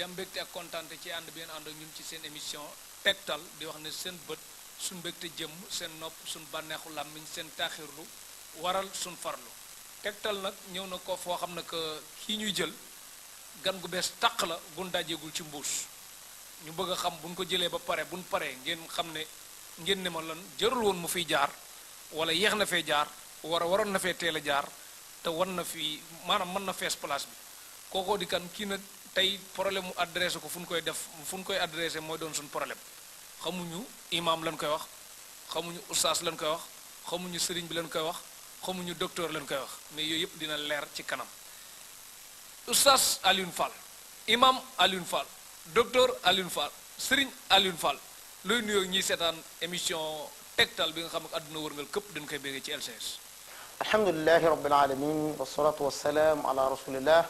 di am kontan ak kontante ci and bi ngeen ànd ak ñun ci seen émission tektal di wax ne seen bëtt sun mbégte jëm seen nopp sun lamiñ seen waral sun farlu tektal nak ñew na ko fo xamna ne ki ñuy jël gan gu bes tak la buñ dajeegul ci mbuss ñu bëgg xam buñ ko jëlé ba pare buñ paré ngeen xam ne ngeen ne ma lan jërul woon mu fi jaar wala yex na fe jaar wara waron na fe téla jaar te won na fi manam mën na place bi koko di kan tey problème mu adressé ko fu ñu koy def fu ñu koy adressé mooy doon suñu problème xamuñu imam lañ koy wax xamuñu ustaas lañ koy wax xamuñu sëriñ bi lañ koy wax xamuñu docteur lañ koy wax mais yooyu yëpp dina leer ci kanam ustaas Alioune Fall imam Alioune Fall docteur Alioune Fall sëriñ Alioune Fall looy nuyoo ñiy seetaan émission tegtal bi nga xam ne àdduna wërngal képp dañ koy béggee ci LCS alhamdulilahi rabbil alamin wasalaatu wasalaam ala rasulillah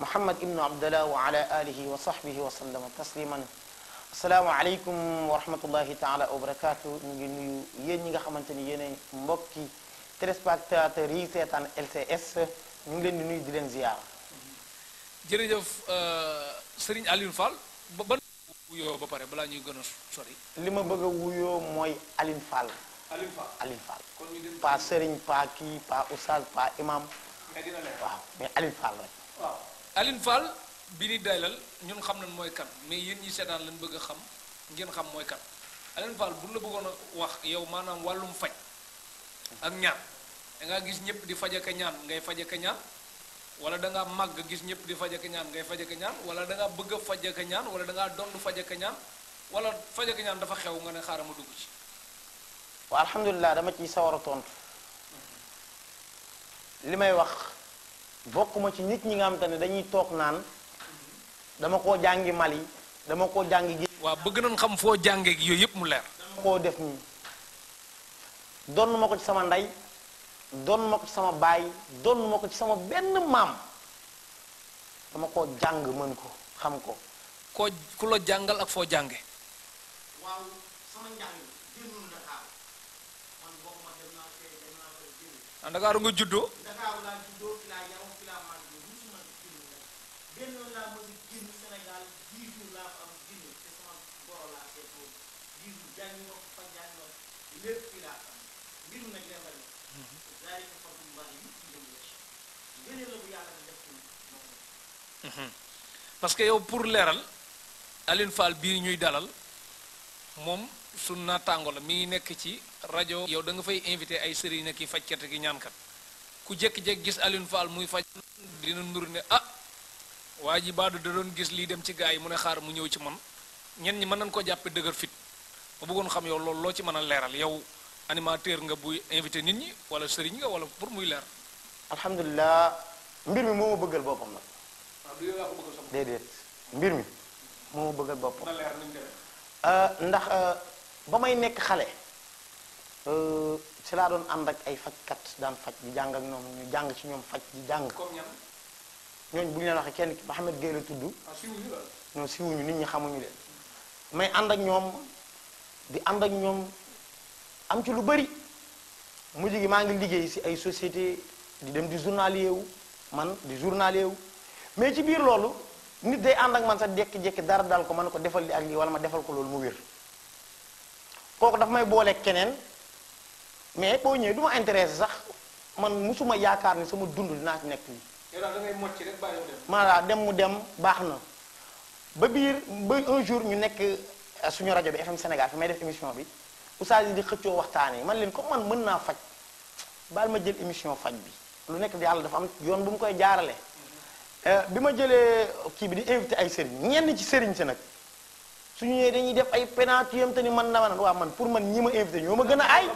محمد ابن عبد الله وعلى اله وصحبه وسلم تسليما السلام عليكم ورحمه الله تعالى وبركاته نيغي نيو يين نيغا خامتاني يين مبوكي تريسباكتاتور ري سيتان ال سي اس نيغي لين نيو دي لين زيار جيرجوف آه، سيرين علي فال بان ويو با بار بلا نيو غنا سوري ليما بغا ويو موي علي فال علي فال با سيرين با كي با استاذ با امام مي علي فال واه Aline Fall bi ni daylal ñun xam nañ moy kan mais yeen ñi seetaan lañ bëgg xam ngeen xam moy kan Aline Fall bu la bëggono wax yow manam walum faj ak ñaan da nga gis ñëpp di faj ak ñaan ngay faj ak ñaan wala da nga mag gis ñëpp di faj ak ñaan ngay faj ak ñaan wala da nga bëgg a faj ak ñaan wala da nga dond faj ak ñaan wala faj ak ñaan dafa xew nga ne ci. wa alhamdullilah dama ci sawara tontu limay wax. bokkuma ci nit ñi nga xam te ne dañuy toog naan dama koo jàngi Mali dama koo jàngi gi waaw bëgg nañ xam foo jàngee yooyu yëpp mu leer dama koo def nii donn ma ko ci sama ndey donn ma ko ci sama baay donn ma ko ci sama benn maam dama koo jàng mën ko xam ko koo ku la jàngal ak foo jànge waaw nga juddoo Mhm. parce que yow pour leeral Alioune Fall bii ñuy dalal moom naa naataango la mi ngi nekk ci rajo yow da nga fay invité ay sëriñ na ki fajkat ki ñaankat ku jékki jekk gis Alioune Fall muy faj dina nur ne ah waa ji baadu da doon gis lii dem ci gaa yi mu ne xaar mu ñëw ci man ñen ñi mën nañ ko jàppe dëgër fit ma bëggoon xam yow loolu loo ci mën a leeral yow animateur nga buy invité nit ñi wala sëriñ nga wala pour muy leer alhamdulilah mbir mi moo ma bëggal boppam nag déedéet mbir mi moo bëggal boppam euh, ndax euh, ba may nekk xale euh, ci laa doon ànd ak ay fajkat daan faj di jàng ak ñoom ñu jàng ci ñoom faj di jàng ñooñu bu ñu leen waxee kenn ki Mouhamed Gueye la tudd ah, non siwuñu nit ñi xamuñu leen may ànd ak ñoom di ànd ak ñoom am ci lu bari mujj gi maa ngi liggéey si ay société di dem di journalier wu man di journalier wu mais ci biir loolu nit de ànd ak man sax jékki-jékki dara daal ko mën ko defal li ak lii wala ma defal ko loolu mu wér kooku dafa may booleeg keneen mais boo ñëwee du ma intéressé sax man musuma yaakaar ni suma dund dinaa ci nekk nii. yow da dem. mu dem baax na ba biir ba un ñu nekk euh, suñu rajo bi FM senegal fi may def émission bi oustaz yi di xëccoo waxtaanee man leen comme man mën naa faj baal ma jël émission faj bi lu nekk di àll dafa am yoon bu mu koy jaarale Eh, bi ma jëlee kii bi di invité ay sëriñ ñenn ci sëriñ si nag suñu ñëwee dañuy def ay pénatium te ni man na man waa man pour man ñi ma invité ñoo ma gën a aay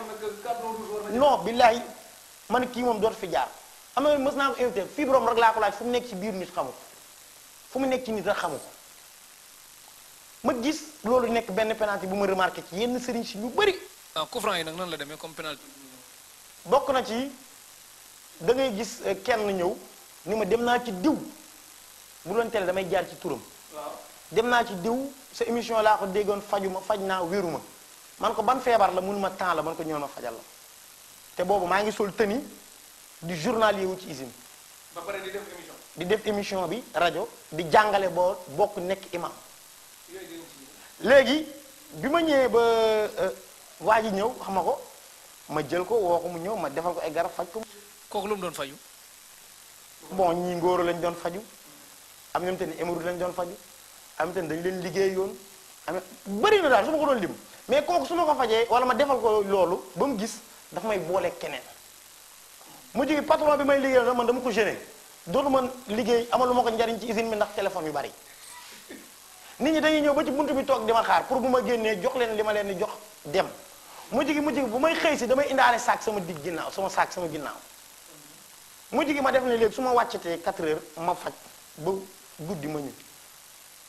non billahi man kii moom dootu fi jaar am na mës naa ko invité fii borom rek laa ko laaj mu nekk ci biir nit xamu ko fu mu nekk ci nit rek xamu ko ma gis loolu nekk benn pénalti bu ma remarqué ci yenn sëriñ si ñu bëri. ah coup yi nag nan la demee comme bokk na ci dangay gis eh, kenn ñëw. ni ma dem naa ci diw bu doon télé damay jaar ci turam. dem naa ci diw sa émission laa ko déggoon fajuma faj naa wéruma man ko ban feebar la mun ma temps la man ko ñëw ma fajal la te boobu maa ngi sol tenue di journalier wu ci usine. di def émission. bi rajo di jàngale boo bokk nekk imam léegi bi ma ñëwee ba euh, waa ji ñëw xam ma ko ma jël ko woo ko mu ñëw ma defal ko ay garab faj ko. kooku lu mu doon faju bon ñii ngóoro lañ doon faju am ñoom te ni émeraude lañ doon faju am te ni dañ leen liggéey yoon am bëri na daal su ma ko doon lim mais kooku su ma ko fajee wala ma defal ko loolu ba mu gis dafa may booleek keneen mu jigi patron bi may liggéey na man dama ko gêné dootu man liggéey amalu ma ko njariñ ci usine bi ndax téléphone yu bari nit ñi dañuy ñëw ba ci buntu bi toog di ma xaar pour bu ma génnee jox leen li ma leen di jox dem mu jigi mu jigi bu may xëy si damay indaale saak sama dig ginnaaw sama saak sama ginnaaw mu gi ma def ne léegi su ma wàccatee 4 heures ma faj ba guddi ma ñu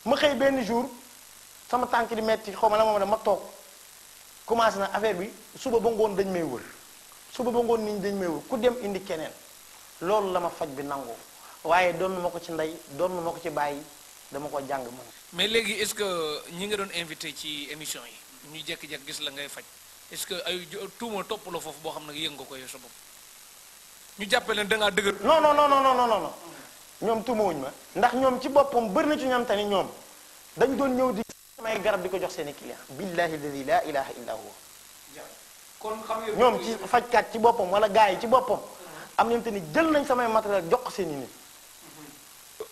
ma xëy benn jour sama tànk di metti xaw ma la moom ma toog commencé na affaire bi suba ba ngoon dañ may wër suba ba ngoon nit dañ may wër ku dem indi keneen loolu la ma faj bi nangoo waaye doon ma ko ci ndey doon ma ko ci bàyyi dama ko jàng man mais léegi est-ce que ñi nga doon invité ci émission yi ñu jekki jékki gis la ngay faj est que ay tuuma topp la foofu boo xam ne yëngu ko yow sa bopp ñu jàppee leen da ngaa dëgër. non non non non non non ñoom tumawuñ ma ndax ñoom ci boppam bëri na ci ñoom tamit ñoom dañ doon ñëw di samay garab di ko jox seen i client billahi alladi la ilaha illa huwa kon ñoom ci fajkaat ci boppam wala gars yi ci boppam am nañu te ni jël nañ samay matériel jox ko seen i nit.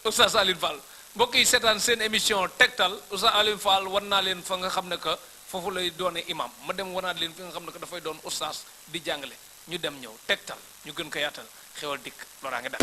Oustaz Alioune Fall mbokk seetaan seen émission tegtal Oustaz Alioune Fall war naa leen fa nga xam ne que foofu lay doone imam ma dem wanaat leen fi nga xam ne que dafay doon oustaz di jàngale. ñu dem ñëw tegtal ñu gën ko yaatal xewal dikk loraa nga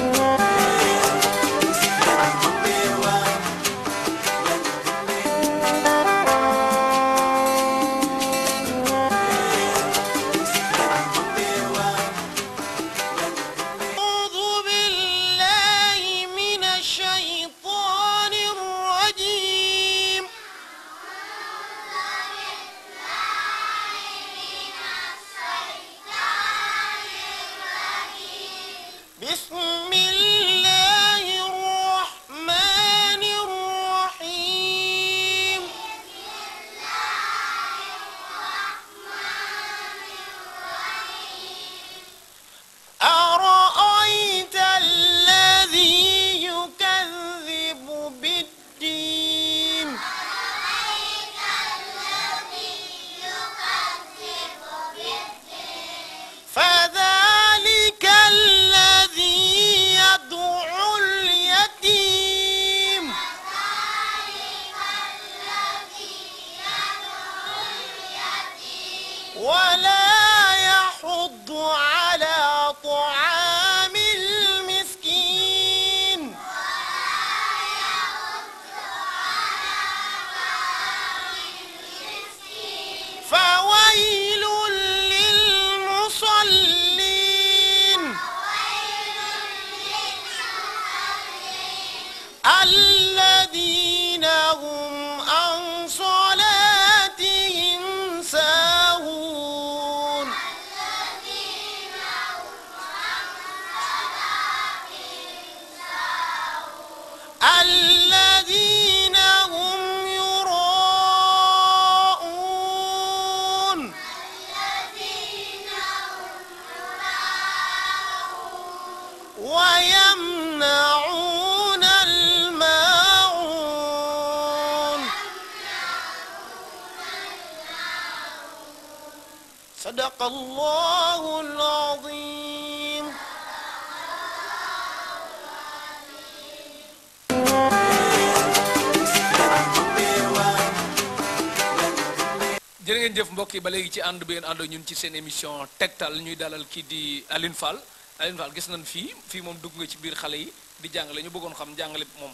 àndandoo ñun ci seen émission tektal ñuy dalal ki di Aline Fall Aline Fall gis nañ fi fi mom dugg nga ci biir xalé yi di jàngale ñu bëggoon xam jàngale mom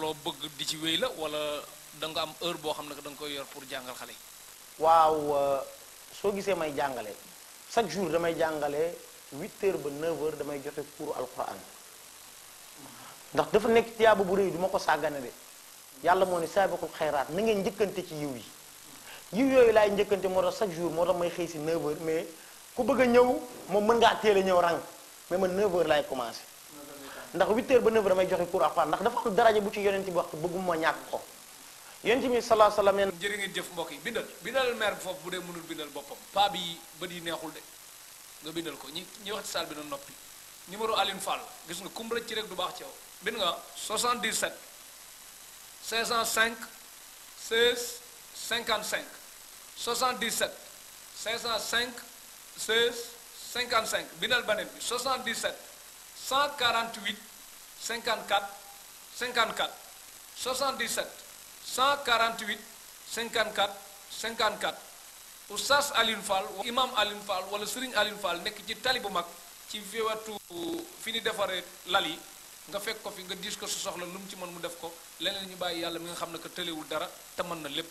lo bëgg di ci wéy la wala da nga am heure boo xam ne da nga koy yor pour jàngal xalé yi. waaw euh, soo gisee may jàngale chaque jour damay jàngale 8 heures ba 9 heures damay joxe cours alquran ndax dafa nekk tiyaaba bu reuy duma ko sàggane de yàlla moo ni saabaqul xayraat na ngeen njëkkante ci yiw yi. yiw yooyu laay njëkkante moo tax chaque jour moo tax may xëy si 9h mais ku bëgg a ñëw moom mën ngaa teel a ñëw rang mais man 9h laay commencé. ndax 8h ba 9h damay joxe cours à part ndax dafa am daraja bu ci yonent bi wax bëgguma ñàkk ko yonent bi salaa salaam neen jërë ngeen jëf mbokk yi bindal bindal maire bi foofu bu dee mënul bindal boppam paa bi bët yi neexul de nga bindal ko ñi ñi wax ci saal bi na noppi numéro Aline Fall gis nga kum rëcc ci rek du baax ci yow bind nga 77 505 16 55 77 505 16 55 bindal beneen bi 77 148 54 54 77 148 54 54 Oustaz Alioune Fall Imam Alioune Fall wala Serigne Alioune Fall nekk ci tali bu mag ci fi wetu fi ñu defaree lal yi nga fekk ko fi nga diis ko su soxla lu mu ci mën mu def ko leneen ñu bàyyi yàlla mi nga xam ne que tëlewul dara te mën na lépp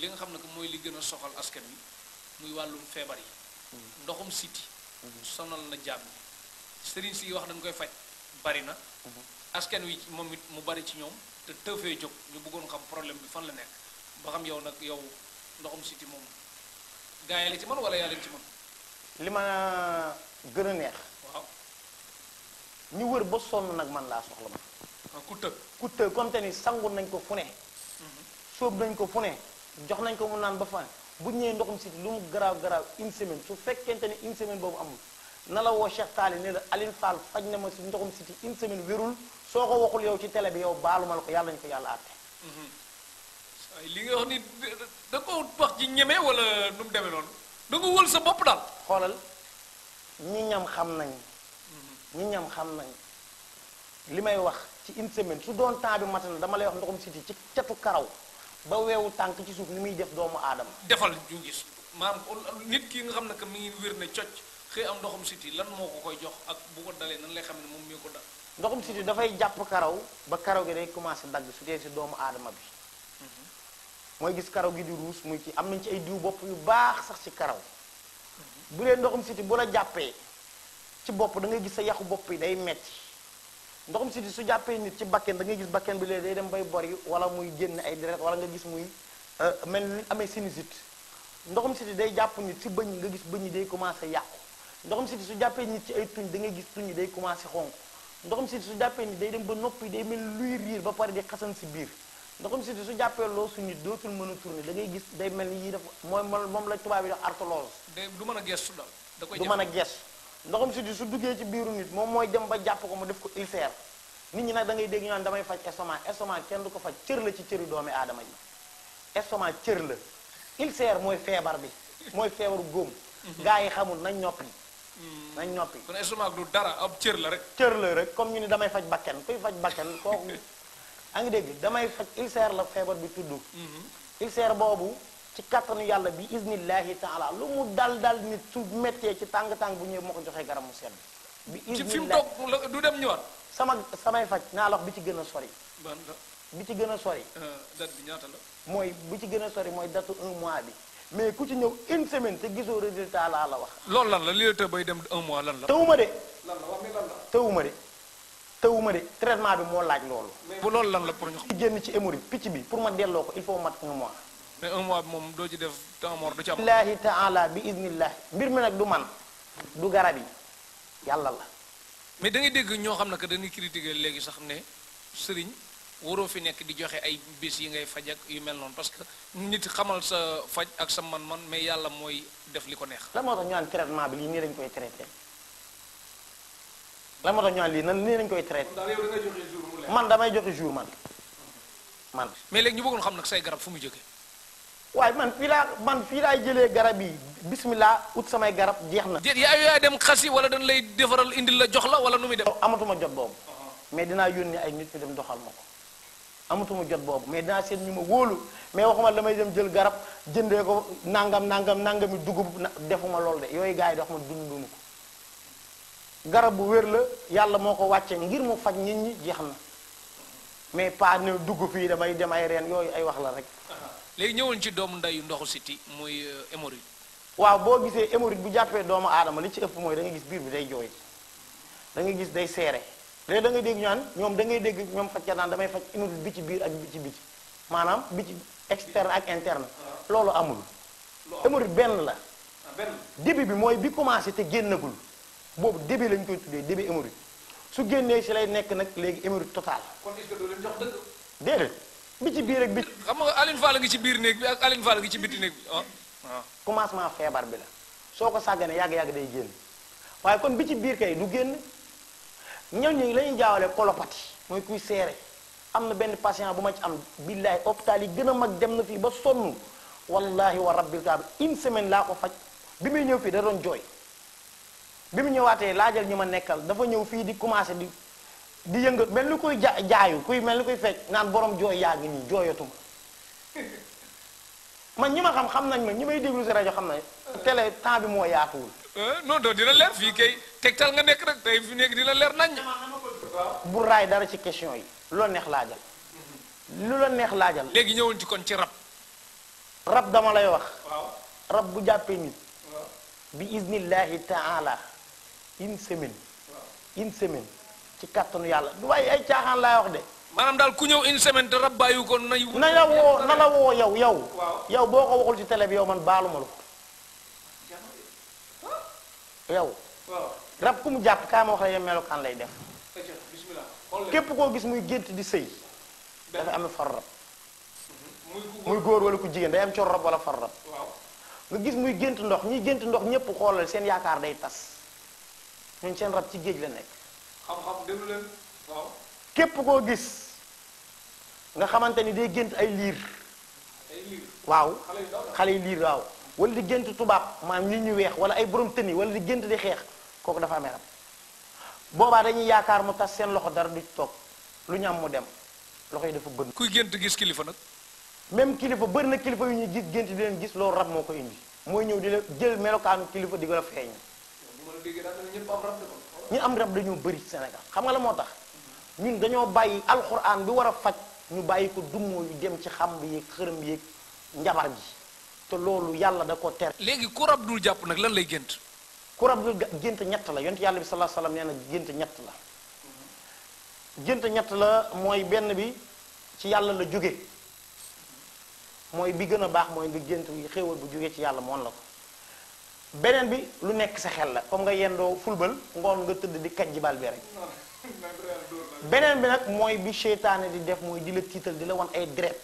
li nga xam ne que mooy li gën a soxal askan wi muy wàllum feebar yi mm-hmm. ndoxum siti mm-hmm. sonal na jaam ñi sëriñ si wax dañ koy faj bari na mm-hmm. askan wi moom it mu bari ci ñoom te tëfee jóg ñu bëggoon xam problème bi fan la nekk ba xam yow nag yow ndoxum siti moom gaa la ci man wala yaa ci man li ma gën a neex waaw ñu wër ba sonn nag man laa soxla ma ku tëg ku tëg comme te sangul nañ ko fu ne sóob nañ ko fu ne jox nañ ko mu naan ba fan bu ñëwee ndoxum si lu mu garaaw garaaw une semaine su fekkente ni une semaine boobu amul na la woo Cheikh Taali ne la Aline Fall faj na ma si ndoxum siti une semaine wérul soo ko waxul yow ci télé bi yow baaluma la ko yàlla ñu ko yàlla àtte li wala nu mu demee noonu da nga xoolal ñi ñam xam nañ ñam xam nañ li may wax ci une semaine su doon temps bi matal dama lay wax ndoxum siti ci catu karaw ba weewu tànk ci suuf ni muy def doomu aadama defal ñu gis maanaam nit ki nga xam ne que mi ngi wér ne cocc xëy am ndoxum siti lan moo ko koy jox ak bu ko dalee nan lay xam ne moom mi ko dal ndoxum siti dafay jàpp karaw ba karaw gi day commencé dagg su dee si doomu aadama bi mhm. mooy gis karaw gi di ruus muy ci am nañ ci ay diw bopp yu baax sax ci karaw mhm. bu dee ndoxum siti bu la jàppee ci bopp da ngay gis sa yaxu bopp yi day metti ndoxum siti su jàppee nit ci bakken da ngay gis bakken bi lee day dem bay bor yi wala muy génn ay deret wala nga gis muy euh, mel ni amee sinusite ndoxum siti day jàpp nit si bëñ nga gis bëñ yi day commencé yàqu ndoxum siti su jàppee nit ci ay da ngay gis tuñ yi day commencé xonq ndoxum siti su jàppee day dem ba noppi yi day mel luy riir ba pare di xasan si biir ndoxum siti su jàppee loosu nit dootul mën a tourner da ngay gis day mel ni yii dafa mooy moom la tubaab yi def arthrose du mën a gestu daal du mën a gestu ndoxam si di su duggee ci biiru nit moom mooy dem ba jàpp ko mu def ko ulcère nit ñi nag da ngay dégg ñu naan damay faj estomac estomac kenn du ko faj cër la ci cëri doomi aadama yi estomac cër la ulcère mooy feebar bi mooy feebaru góom mhm. gaa yi xamul nañ ñoppi mhm. na ñoppi kon estomac du dara ab cër la rek cër la rek comme ñu ni damay faj bakken kuy faj bakken kooku a ngi dégg damay faj ulcère la feebar bi tudd mhm. ulcère boobu ci kattanu yàlla bi iznillahi taala lu mu dal dal nit su méttee ci tàng-tàng bu ñëwee moo ko joxee garab mu sedd bi ci fi mu toog du dem ñëwaat sama samay faj naa la wax bi ci gën a sori bi ci gën a sori euh, la mooy bi ci gën a sori mooy datu un mois bi mais ku ci ñëw une semaine te gisoo résultat laa la wax lool lan la li la tëb bay dem un mois lan la tëwuma de la wax mi lan la tëwuma de tëwuma de traitement bi moo laaj loolu bu loolu lan la pour ñu génn ci hémorroïde picc bi pour ma delloo ko il faut mat un mois mais un mois moom doo ci def temps mort du ci am. billaahi taala bi idnillah mbir mi nag du man du garab yi yàlla la. mais da dégg ñoo xam ne que dañuy critiquer léegi sax ne sëriñ waroo fi nekk di joxe ay bés yi ngay faj ak mel noonu parce que nit xamal sa faj ak sa man-man mais yàlla mooy def li ko neex. la moo traitement bi lii nii lañ koy traité la moo tax lii nan nii koy traité. man damay joxe jour man mais léegi ñu bëggoon xam nag say garab fu muy jógee. waaye man fii laa man fii laay jëlee garab yi bismillah ut samay garab jeex na. déet yaa yaa dem xasi wala dañ lay defaral indi la jox la wala nu muy dem. amatuma jot boobu. mais dinaa yónni ay nit ñu dem doxal ma ko. amatuma jot boobu mais dinaa seet ñu ma wóolu mais waxuma damay dem jël garab jëndee ko nangam nangam nangami dugub na defuma loolu de yooyu gars yi dox ma dunduñu ko garab bu wér la yàlla moo ko wàccee ngir mu faj nit ñi jeex na mais pas ne dugub fii damay dem ay reen yooyu ay wax la rek. léegi ñëwoon ci doomu ndeyu ndoxu siti muy euh, hémorroïde waaw boo gisee hémorroïde bu jàppee doomu aadama li ci ëpp mooy da gis biir bi day jooy da nga gis day seere léegi da ngay dégg ñu ñoom da ngay dégg ñoom fajkat naan damay faj hémorroïde bi ci biir ak bi ci biti maanaam bi ci externe ak interne loolu amul hémorroïde ah, benn la début bi mooy bi commencé te génnagul boobu début lañ koy tuddee début hémorroïde su génnee si lay nekk nag léegi hémorroïde total kon est déedéet bi ci biir ak bi xam nga Aline Fall ngi ci biir néeg bi ak Aline Fall ngi ci biti néeg bi ah. Ah. commencement feebar bi la soo ko sàgganee yàgg-yàgg day génn waaye kon bi ci biir kay du génn ñoom ñi la ñuy jaawale colopathie mooy kuy seere am na benn patient bu ma ci am billahi hôpital yi gën a mag dem na fii ba sonn wallahi wa rabbil kaaba une semaine laa ko faj bi muy ñëw fii da doon jooy bi mu ñëwaatee laajal ñi ma nekkal dafa ñëw fii di commencé di di yëngal mel ni koy ja jaayu kuy mel ni kuy fecc naan boroom jooy yaa ngi nii jooyatuma man ñi ma xam xam nañ ma ñi may déglu si rajo xam na télé temps bi moo yaatuwul. Euh, non non dina leer fii kay tegtal nga nekk rek tey fi nekk dina leer nañ. bu raay dara ci question yi. lu la neex laajal. lu la neex laajal. léegi ñëwoon ci kon ci rab. rab dama lay wax. rab bu jàppee nit. bi iznillahi taala une semaine. une semaine. ci kàttanu yàlla du waaye ay caaxaan laay wax de. maanaam daal ku ñëw une semaine te rab bàyyi ko na. na la woo na la woo yow yow. yow boo ko waxul ci télé bi yow man baalu ma la rab ku mu jàpp kaa ma wax la yow lay def. képp koo gis muy gént di sëy dafa am far rab mhm. muy góor wala ku jigéen day am cor rab wala far rab nga gis muy gént ndox ñiy gént ndox ñëpp xoolal seen yaakaar day tas ñun seen rab ci géej la nekk xam képp koo gis nga xamante ni day gént ay liir. waaw. xale yu liir waaw. wala di gént tubaab maam nit ñu weex wala ay borom tëni wala di gént di xeex kooku dafa amee rab boobaa dañuy yaakaar mu tas seen loxo dara du toog lu ñu am mu dem loxo yi dafa bënn kuy gént gis kilifa nag. même kilifa bëri na kilifa yu ñuy gis gént di leen gis loolu rab moo ko indi mooy ñëw di la jël melokaanu kilifa di ko feeñ. ñu am rab dañoo bari Sénégal xam nga la moo tax ñun dañoo bàyyi alxuraan bi war a faj ñu bàyyi ko dummoo yu dem ci xam bi yeeg xërëm yeeg njabar ji te loolu yàlla da ko ter léegi ku rab dul jàpp nag lan lay gént ku rab ñett la yonent yàlla bi salaa salaam nee na gént ñett la gént ñett la mooy benn bi ci yàlla la jóge mooy bi gën a baax mooy nga gént xéewal bu jóge ci yàlla moon la ko beneen bi lu nekk sa xel la comme nga yendoo fulbal ngoon nga tëdd di kaj ji bi rek beneen bi nag mooy bi seytaane di def mooy di la tiital di la wan ay deret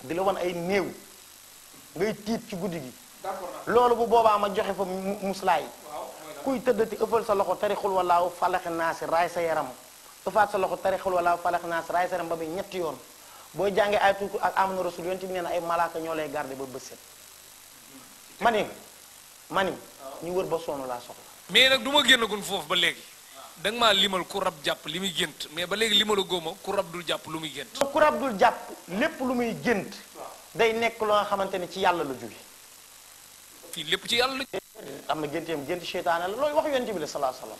di la wan ay néew ngay tiit ci guddi gi loolu bu boobaa ma joxe fa muslaay kuy tëddati ëffal sa loxo tarixul walaaw falaxi naasi raay sa yaram ëffaat sa loxo tarixul walaaw falaxi naasi raay sa yaram ba muy ñetti yoon booy jàngee ay tuuti ak amna rasul yonent bi nee ay malaaka ñoo lay garde ba bët mani ñu wër ba sonn laa soxla. mais nag du ma génnagun foofu ba léegi. danga nga maa limal ku rab jàpp li muy gént mais ba léegi limalu góoma ku rab dul jàpp lu muy gént. ku rab dul jàpp lépp lu muy gént. day nekk loo xamante ne ci yàlla la jóge lépp ci yàlla na génteem gént seytaane la loolu wax yonent bi la salaa salaam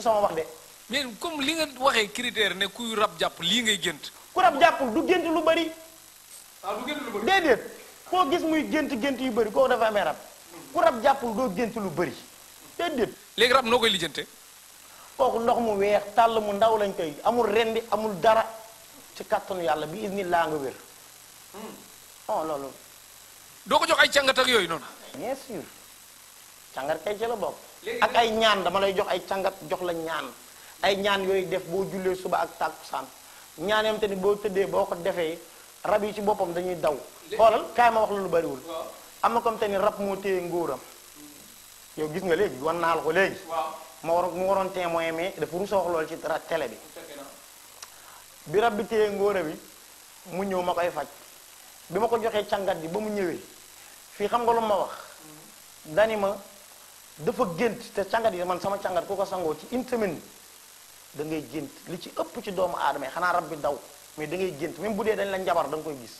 sama wax de. mais comme li nga waxee critère ne kuy rab jàpp lii ngay gént. ku rab jàpp du gént lu bari. Ah, lu bari déedéet. koo gis muy gént gént yu bari kooku defaa amee rab. kurap rab jàppul doo gént lu bëri dedet léegi rab nokoy lijeenté lijjante ndox mu wéx tal mu ndaw lañ koy amul rendi amul dara ci kàttanu yalla bi izni la nga hmm. oh loolu do ko jox ay càngat ak yoy non bien sûr bob kay ci la bokk ak ay ñaan dama lay jox ay càngat jox la ñaan ay ñaan yoy def bo jullee suba ak takusan ñaaneem te ni bo tëddee boo ko defee ci bopam dañuy daw xolal kay ma wax lu bari wul amna na comme rap ni rab moo yow gis nga léegi wan naa la ko léegi. mo waroon mu waroon témoin mais dafa wax lol ci télé bi. bi makai bi téye bi mu ñew makay fajj bima bi ko joxee càngat bi ba mu ñëwee xam nga lu ma wax. dani ma dafa gënt te càngat yi man sama càngat kuko sango gent, ci une semaine da ngay gënt li ci ëpp ci doomu aadama xana bi daw mais da ngay gënt même bu dé dañ la njabar dang koy gis.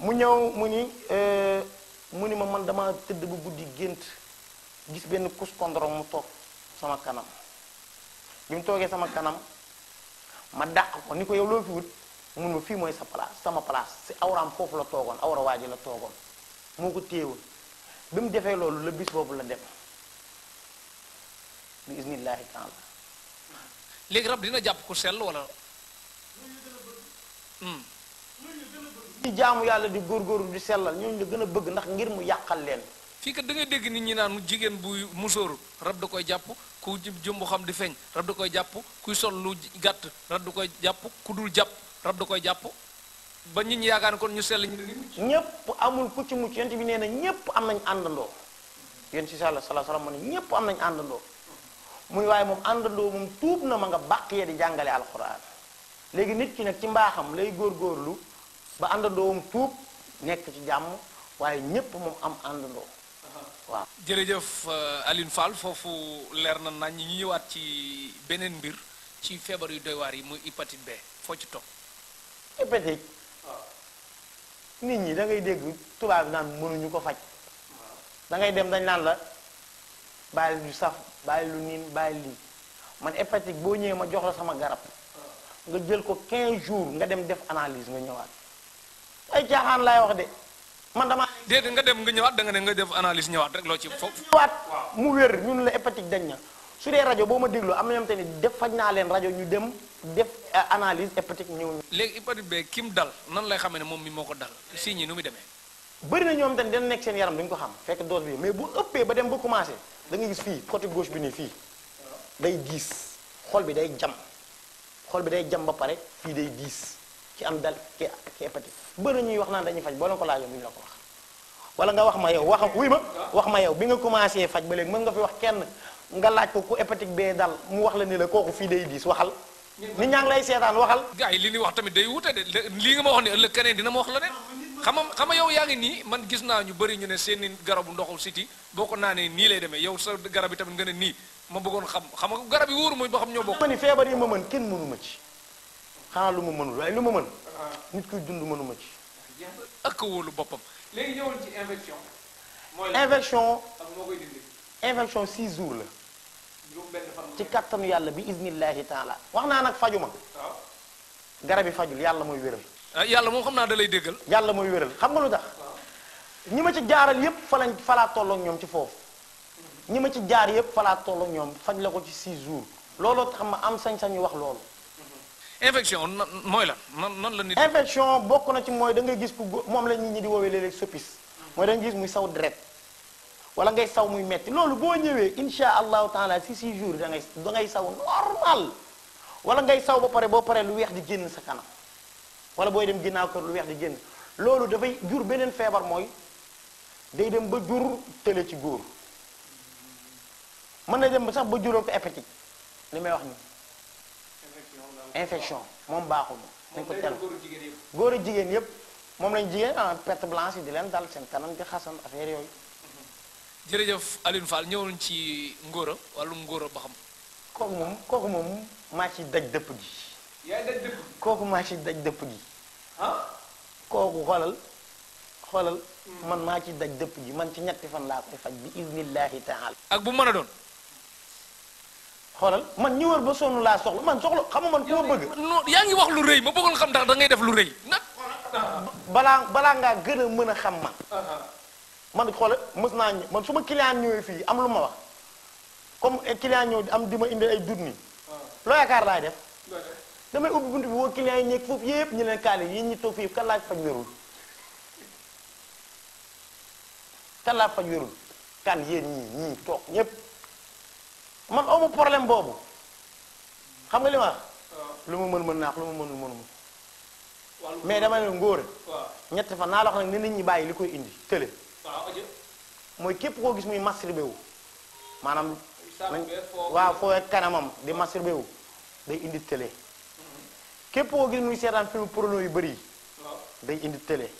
mu ñëw mu ni euh, mu ni ma man dama tëdd bu guddi gént gis benn kuskondorong mu toog sama kanam bi mu toogee sama kanam ma dàq ko ni ko yow loo fi wut mun ma fii mooy sa place sama place si awraam foofu la toogoon awra waa ji la toogoon moo ko téyewoon bi mu defee loolu la bis boobu la dem bi isnillahi taala léegi rab dina jàpp ku sell wala. Hmm. di jaamu yalla di gor di selal ñooñu la gëna bëgg ndax ngir mu yakal leen fi ka da nga dégg nit ñi naan mu jigéen buy rab da koy japp ku jëmbu xam di feñ rab da koy japp ku sol lu gatt rab da koy japp ku dul japp rab da koy japp ba nit ñi yaakaar kon ñu sell ñepp amul ku ci mucc yent bi neena ñepp am nañ andando yent si sallallahu sala sala mu ne ñépp am nañ andando muy way mom andando mom tuub na ma nga baqiyé di jàngale alquran légui nit ki nak ci mbaxam lay lu ba àndandoom tuub nekk ci jàmm waaye ñépp moom am àndandoo waaw jërëjëf euh, Alioune Fall foofu leer na nañ ñu ñëwaat ci beneen mbir ci feebar yu doy yi muy hépatite be foo ci topp hépatite ah. nit ñi da ngay dégg tubaab naan mënuñu ko faj ah. dangay dem dañ naan la bàyyi lu saf bàyyi lu niin bàyyi lii man hépatite boo ñëwee ma jox la sama garab ah. nga jël ko 15 jours nga dem def analyse nga ñëwaat ay caaxaan laay wax de man dama damaa. déedéet nga dem nga ñëwaat da nga ne nga def analyse ñëwaat rek loo ci foofu. ñëwaat mu wér ñun la hépatique dañ na su dee rajo boo ma déglu am na ñoom tamit def faj naa leen rajo ñu dem def euh, analyse hépatique ñëw ñu. léegi hépatite bee kim dal nan lay xamee ne moom mii moo ko dal si ñi nu muy demee. bëri na ñoom tamit dana nekk seen yaram duñ ko xam fekk dose bi mais bu ëppee ba dem ba commencé da nga gis fii côté gauche bi nii fii day diis xol bi day jam xol bi day jam ba pare fii day diis ki am dal ki ki bëri ñuy wax naan dañuy faj bo leen ko laajoon buñ la ko wax wala nga wax ma yow wax wuy ma wax ma yow bi nga commencé faj ba leg mën nga fi wax kenn nga laaj ko ku hépatique bee dal mu wax la ni la koku fi day diis waxal nit ñang lay seetaan waxal gaay li ni wax tamit day wuté de li nga ma wax ni ëlëk kenen dina ma wax la de xama xama yow yaangi ni man gis na ñu bari ñu ne seen garabu ndoxu siti boko ko ni lay démé yow sa garab tamit nga ne ni ma bëggoon xam xama nga wuur moy wóoru xam ñoo bok ni feebar yi ma mën kenn mënu ma ci xana lu mu mënul way lu mu mën nit kuy dund mënuma ci. ak boppam. léegi ñëwoon ci infection. mooy infection infection six jours la. ci kattanu yàlla bi iznillahi taala wax naa nag fajuma. waaw garab yi fajul yàlla mooy wéral. Ah, yàlla moom xam naa dalay déggal. yàlla mooy wéral xam nga lu tax. ñi ma ci jaaral yépp fa lañ fa laa ñoom ci foofu. Mm-hmm. ñi ma ci jaar yépp fa laa ak ñoom faj la ko ci six jours. looloo xam ma am sañ-sañu wax loolu. infection moy la non la nit infection bokku na ci moy da ngay gis ku mom la nit ñi di wowe lele sopis moy da nga gis muy saw dret wala ngay saw muy metti lolu bo ñewé insha allah taala ci six jours da ngay da ngay saw normal wala ngay saw ba paré bo paré lu wéx di génn sa kanam wala boy dem ginnaaw ko lu wéx di génn da fay jur benen feebar moy day dem ba jur télé ci goor man na dem sax ba jural ko hépatique li wax ni infection moom baaxul. dañ ko teel góor ak jigéen yëpp moom lañ jigéen ah perte blanche di leen dal seen kanam gi xasan affaire yooyu. Mhm. jërëjëf Alioune Fall ñëwoon ci ngóora wàllum ngóora ba xam. kooku moom kooku moom maa ci daj dëpp di kooku maa ci daj dëpp di kooku xoolal xoolal. Mhm. man maa ci daj dëpp gi man ci ñetti fan laa koy faj bi iznillahi taala ak bu mën a doon. xoolal man ñi wër ba sonn laa soxla man soxla xam man ku ma bëgg. yaa ngi wax lu rëy ma bëggoon xam ndax da ngay def lu rëy. nag balaa balaa ngaa gën a mën a xam man. man xoolal mës naa man suma ma ñëwee fii am lu ma wax comme eh, client ñëw am di ma indi ay dund nii. loo yaakaar laay def. damay ubbi bunt bi woo client yi nekk foofu yëpp ñu leen kaale yi ñu toog fii kan laaj faj wérul. kan laaj kan yéen ñii ñii toog ñëpp. man amu problème boobu xam nga li ma wax lu mu mën mën naax lu mu mënul mënuma mais dama ne ngóor ñett fa naa la wax nag ni nit ñi bàyyi li koy indi tële mooy képp koo gis muy masturbé wu maanaam waaw foo kanamam di masturbé wu day indi tële mm-hmm. képp koo gis muy seetaan film porno yu bëri yi day indi tële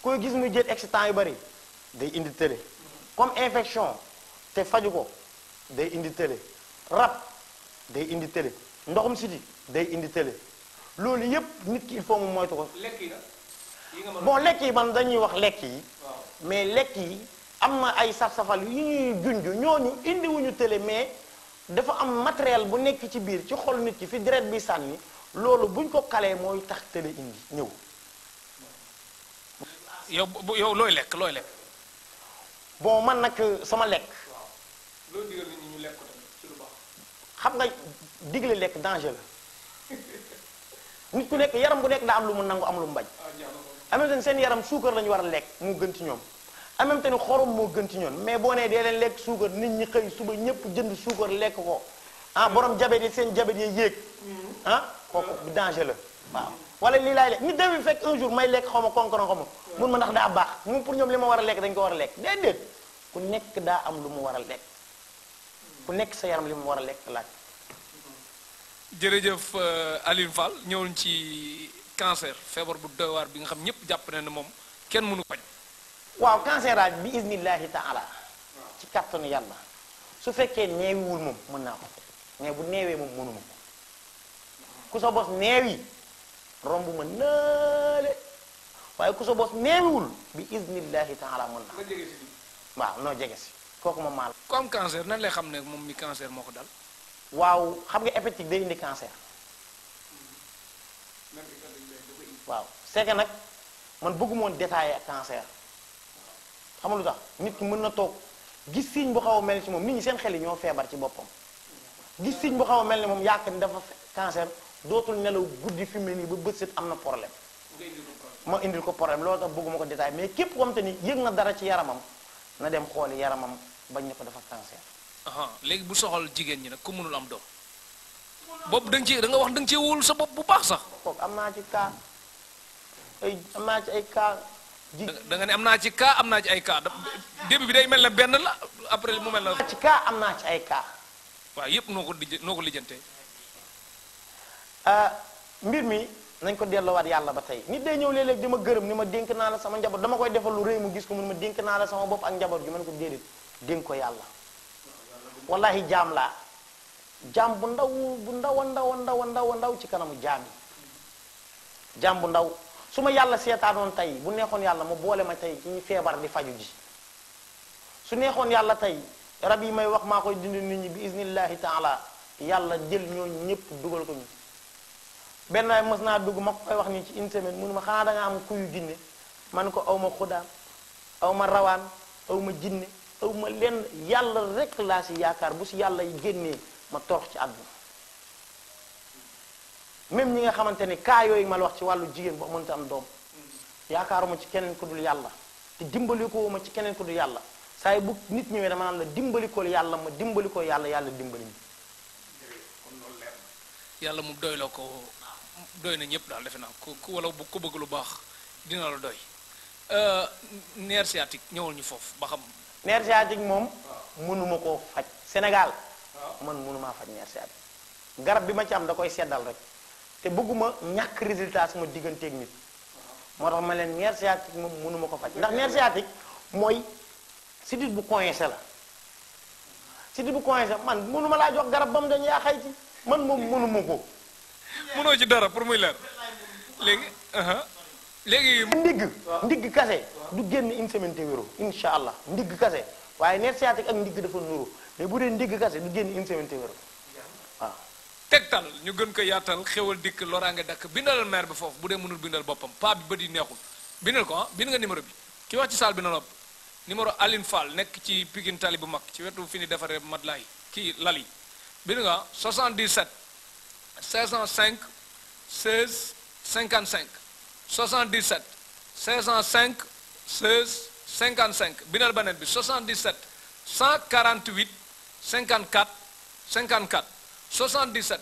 koo gis muy jël excitant yu bëri day indi tële mm-hmm. comme infection te faju ko day indi télé rap day indi télé ndoxum day indi télé yépp nit ki il faut mu moytu ko. yi bon lekk yi man dañuy wax les mais lekk yi am ay saf-safal ñuy télé mais dafa am matériel bu nekk ci biir ci xol nit ki fi direct bi sanni buñ ko moy tax télé indi ñew yow yow loy lek loy lek. bon man nak euh, sama loo digal xam nga digle lekk danger la nit ku nekk yaram bu nekk daa am lu mu nangu am lu mu bañ. Ah, en même temps seen yaram suukar la ñu war a lekk mu gën ci ñoom. en même temps moo gën ci ñoom mais boo nee dee lekk suukar nit ñi xëy suba ñëpp jënd suukar lekk ko ah borom jabet yi seen jabet yi yéeg. Mm-hmm. ah kooku euh. danger la waaw. wala lii laay lekk nit da fekk un may lekk xaw ma konkoron xaw ma mun ma ndax daa baax moom pour ñoom li ma war a lekk dañ ko war a lekk déedéet ku nekk daa am lu mu war a lekk. ku nekk sa yaram li mu war a lekk laaj. jërëjëf euh, Alioune Fall ñëwoon ci cancer feebar bu doy bi nga xam ñëpp jàpp na ne moom kenn mënu ko waaw cancer aaj bi iznillahi taala ci kàttanu yàlla su fekkee neewiwul moom mën naa ko mais bu neewee moom mënuma ko ku sa bos neewi romb ma naale waaye ku sa bos neewiwul bi iznillahi taala mën naa waaw noo jege si kooku moom maa la. ku am cancer nan lay xam ne moom mi cancer moo ko dal. waaw xam nga hépatique day indi cancer. waaw c'est nag man bëgguma woon détailler ak cancer. xam nga nit ki mën na toog gis signe bu xaw a mel ci moom nit ñi seen xel ñoo feebar ci boppam. gis signe bu xaw a mel ne moom yaakaar ni dafa cancer dootul nelaw guddi fi mu ne nii ba bët am na problème. ma indil ko problème loolu tax bëgguma ko détailler mais képp comme te ni yëg na dara ci yaramam na dem xooli yaramam. bañ ne ko dafa cancer. léegi bu soxal jigéen ñi nag ku mënul am doom. boobu da nga da nga wax da nga ci wóolu sa bopp bu baax sax. kooku am naa ci cas am naa ci ay cas. ji da nga ne am naa ci cas am naa ci ay cas début bi day mel ne benn la après mu mel ne. am ci cas am naa ci ay cas. waaw yëpp noo ko lijj noo ko lijjantee. Ah, mbir mi nañ ko yàlla ba tey nit day ñëw léeg-léeg di ma gërëm ni ma dénk naa la sama njaboot dama koy defalu lu rëy mu gis ko mun ma dénk naa la sama bopp ak njaboot ju man ko déedéet. dénk ko yàlla wallahi jaam laa jaam bu ndaw bu ndaw ndaw ndaw ndaw ndaw ci kanamu jaam yi jaam bu ndaw su ma yàlla seetaanoon tey bu neexoon yàlla ma boole ma tey ci feebar di faju ji su neexoon yàlla tey rab yi may wax maa koy dindi nit ñi bi iznillahi taala yàlla jël ñooñu ñëpp dugal ko ñu benn mës naa dugg ma koy wax nii ci une semaine mënu ma xanaa da am kuyu jinne man ko awma ma xudaan ma rawaan aw ma aw ma lenn yàlla rek laa si yaakaar bu si yàlla yi génnee ma torox ci àdduna même ñi nga xamante ni cas yooyu ma la wax ci wàllu jigéen bu mënta am doom yaakaaruma ci keneen ku dul yàlla te dimbalikoo ma ci keneen ku dul yàlla saa yi bu nit ñëwee dama naan la dimbalikool yàlla ma dimbalikoo yàlla yàlla dimbali mi yàlla mu doy ko doy na ñëpp daal defe naa ku wala bu ko bëgg lu baax dina la doy euh, nerf sciatique ñëwal ñu foofu ba xam nerf sciatique moom ko koo faj man munuma faj nerf sciatique garab bima ci am da koy sédal rek té bëgguma ñak résultat sama ak nit mo tax ma leen nerf sciatique moom ko faj ndax nerf moy mooy sidit bu coincé la sidit bu coincé man munuma la jox garab bam dañ ya xey ci man mom munuma ko muno ci dara pour muy leer aha léegi ndigg ndigg kase du génn une semaine te wéru incha allah ndigg kase waaye nerf sciatique ak ndigg dafa nuru mais bu dee ndigg kase du génn une semaine te wéru teg tegtal ñu gën ko yaatal xéwal dikk loraange dakk bindalal maire bi foofu bu dee mënul bindal boppam pa bi bët yi neexul bindal ko ah bind nga numéro bi ki wax ci saal bi na nopp numéro Aline Fall nekk ci Pikine tali bu mag ci wetu fi ni defaree matlaay kii lal yi bind nga 77 605 16 55 77 505 16 55 bindal beneen bi 77 148 54 54 77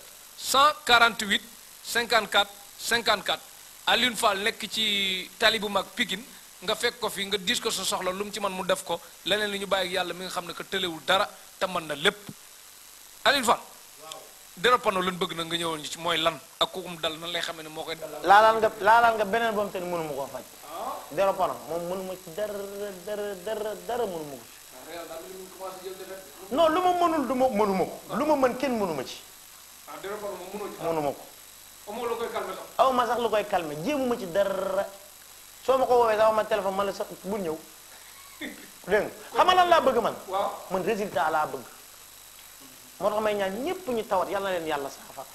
148 54 54 Alioune Fall nekk ci tali bu mag Pikine nga fekk ko fi nga diis ko sa soxla lu mu ci man mu def ko leneen li ñu bàyyi yàlla mi ngi xam ne ko tëlewul dara te mën na lépp Alioune dara dérapano lan bëgg na nga ñëwoon ci moy lan ak ku dal na lay xamé ni mo koy dal la lan nga la lan nga benen bu mu tan mënu mako koo dara dérapano moom mënu ma ci dara dara dara dara mënu ma ko non lu ma mënul du ma mënu ma ko lu ma mën kenn mënu ma ci ah, mënu ma sax aw ma sax lu koy calmer jëmu ma ci dara so mako wowe sax ma téléphone ma la sax bu ñëw deng xamal lan la bëgg man man résultat la bëgg moo tax may ñaan ñépp ñu tawat yàlla na leen yàlla saafara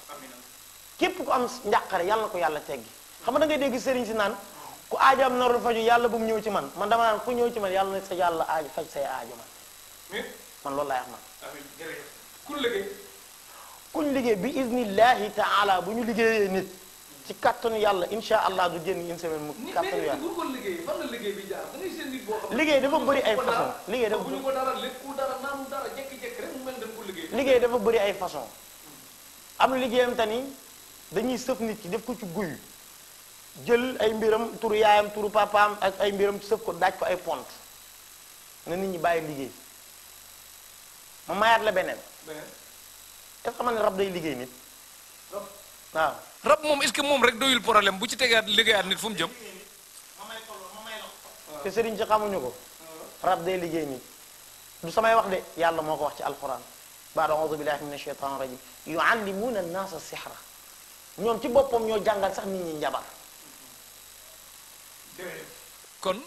képp ku am njàqare yàlla na ko yàlla teggi xam nga da dégg sëriñ si naan ku aajaam narul faju yàlla bu ñëw ci man man dama naan ku ñëw ci man yàlla na sa yàlla aaj say aajo man man loolu kuñ liggéey kuñ liggéey bi iznillahi bu ñu liggéeyee nit ci kattanu yàlla insha allah du génn une semaine mu kattanu yàlla liggéey dafa bëri ay façon liggéey dafa liggéey dafa bari ay façon am na liggéeyam tani dañuy sëf nit ki def ko ci guy jël ay mbiram turu yaayam turu papaam ak ay mbiram sëf ko daaj ko ay pont na nit ñi bàyyi liggéey ma mayaat la beneen est-ce que rab day liggéey nit waaw rab moom est-ce moom rek doyul problème bu ci tegaat liggéeyaat nit fu mu jëm te sëriñ ci xamuñu ko ah. rab day liggéey nit du samay wax de yàlla moo ko wax ci alxuraan baada audu billahi min asheytan rajim yuallimuna annaasa sixra ñoom ci boppam ñoo jàngal sax nit ñi njabar kon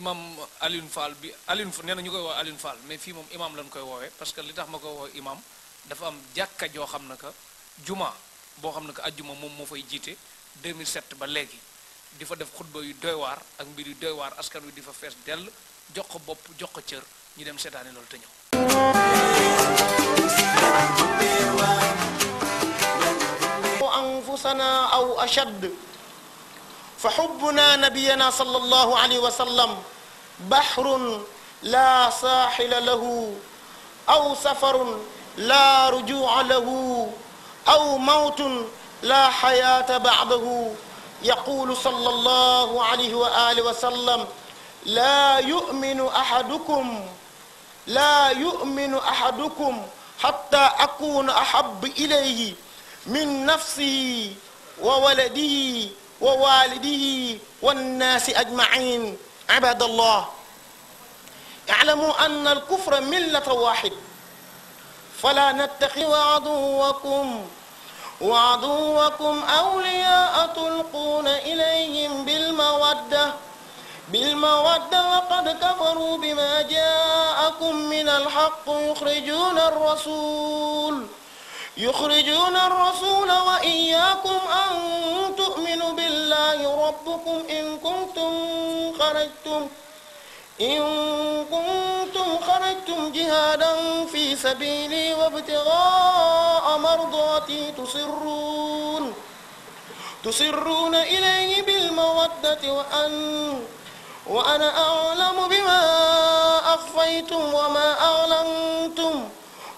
imam Alioune Fall bi nee na koy woowe Alioune Fall mais fii moom imam lañ koy woowee parce que li tax ma koy woowe imam dafa am jàkka joo xam ne que juma boo xam ne que ajjuma moom moo fay jiite 2007 ba léegi di fa def xutba yu doy waar ak mbir yu doy waar askan wi di fa fees dell jox ko bopp jox ko cër ñu dem seetaani loolu te ñëw أنفسنا أو أشد فحبنا نبينا صلى الله عليه وسلم بحر لا ساحل له أو سفر لا رجوع له أو موت لا حياة بعده يقول صلى الله عليه وآله وسلم لا يؤمن أحدكم لا يؤمن أحدكم حتى أكون أحب إليه من نفسي وولدي ووالدي والناس أجمعين عباد الله اعلموا أن الكفر ملة واحد فلا نتخذ عدوكم وعدوكم أولياء تلقون إليهم بالمودة بالمودة وقد كفروا بما جاء جاءكم من الحق يخرجون الرسول يخرجون الرسول وإياكم أن تؤمنوا بالله ربكم إن كنتم خرجتم إن كنتم خرجتم جهادا في سبيلي وابتغاء مرضاتي تصرون تصرون إليه بالمودة وأن وأنا أعلم بما أخفيتم وما أعلنتم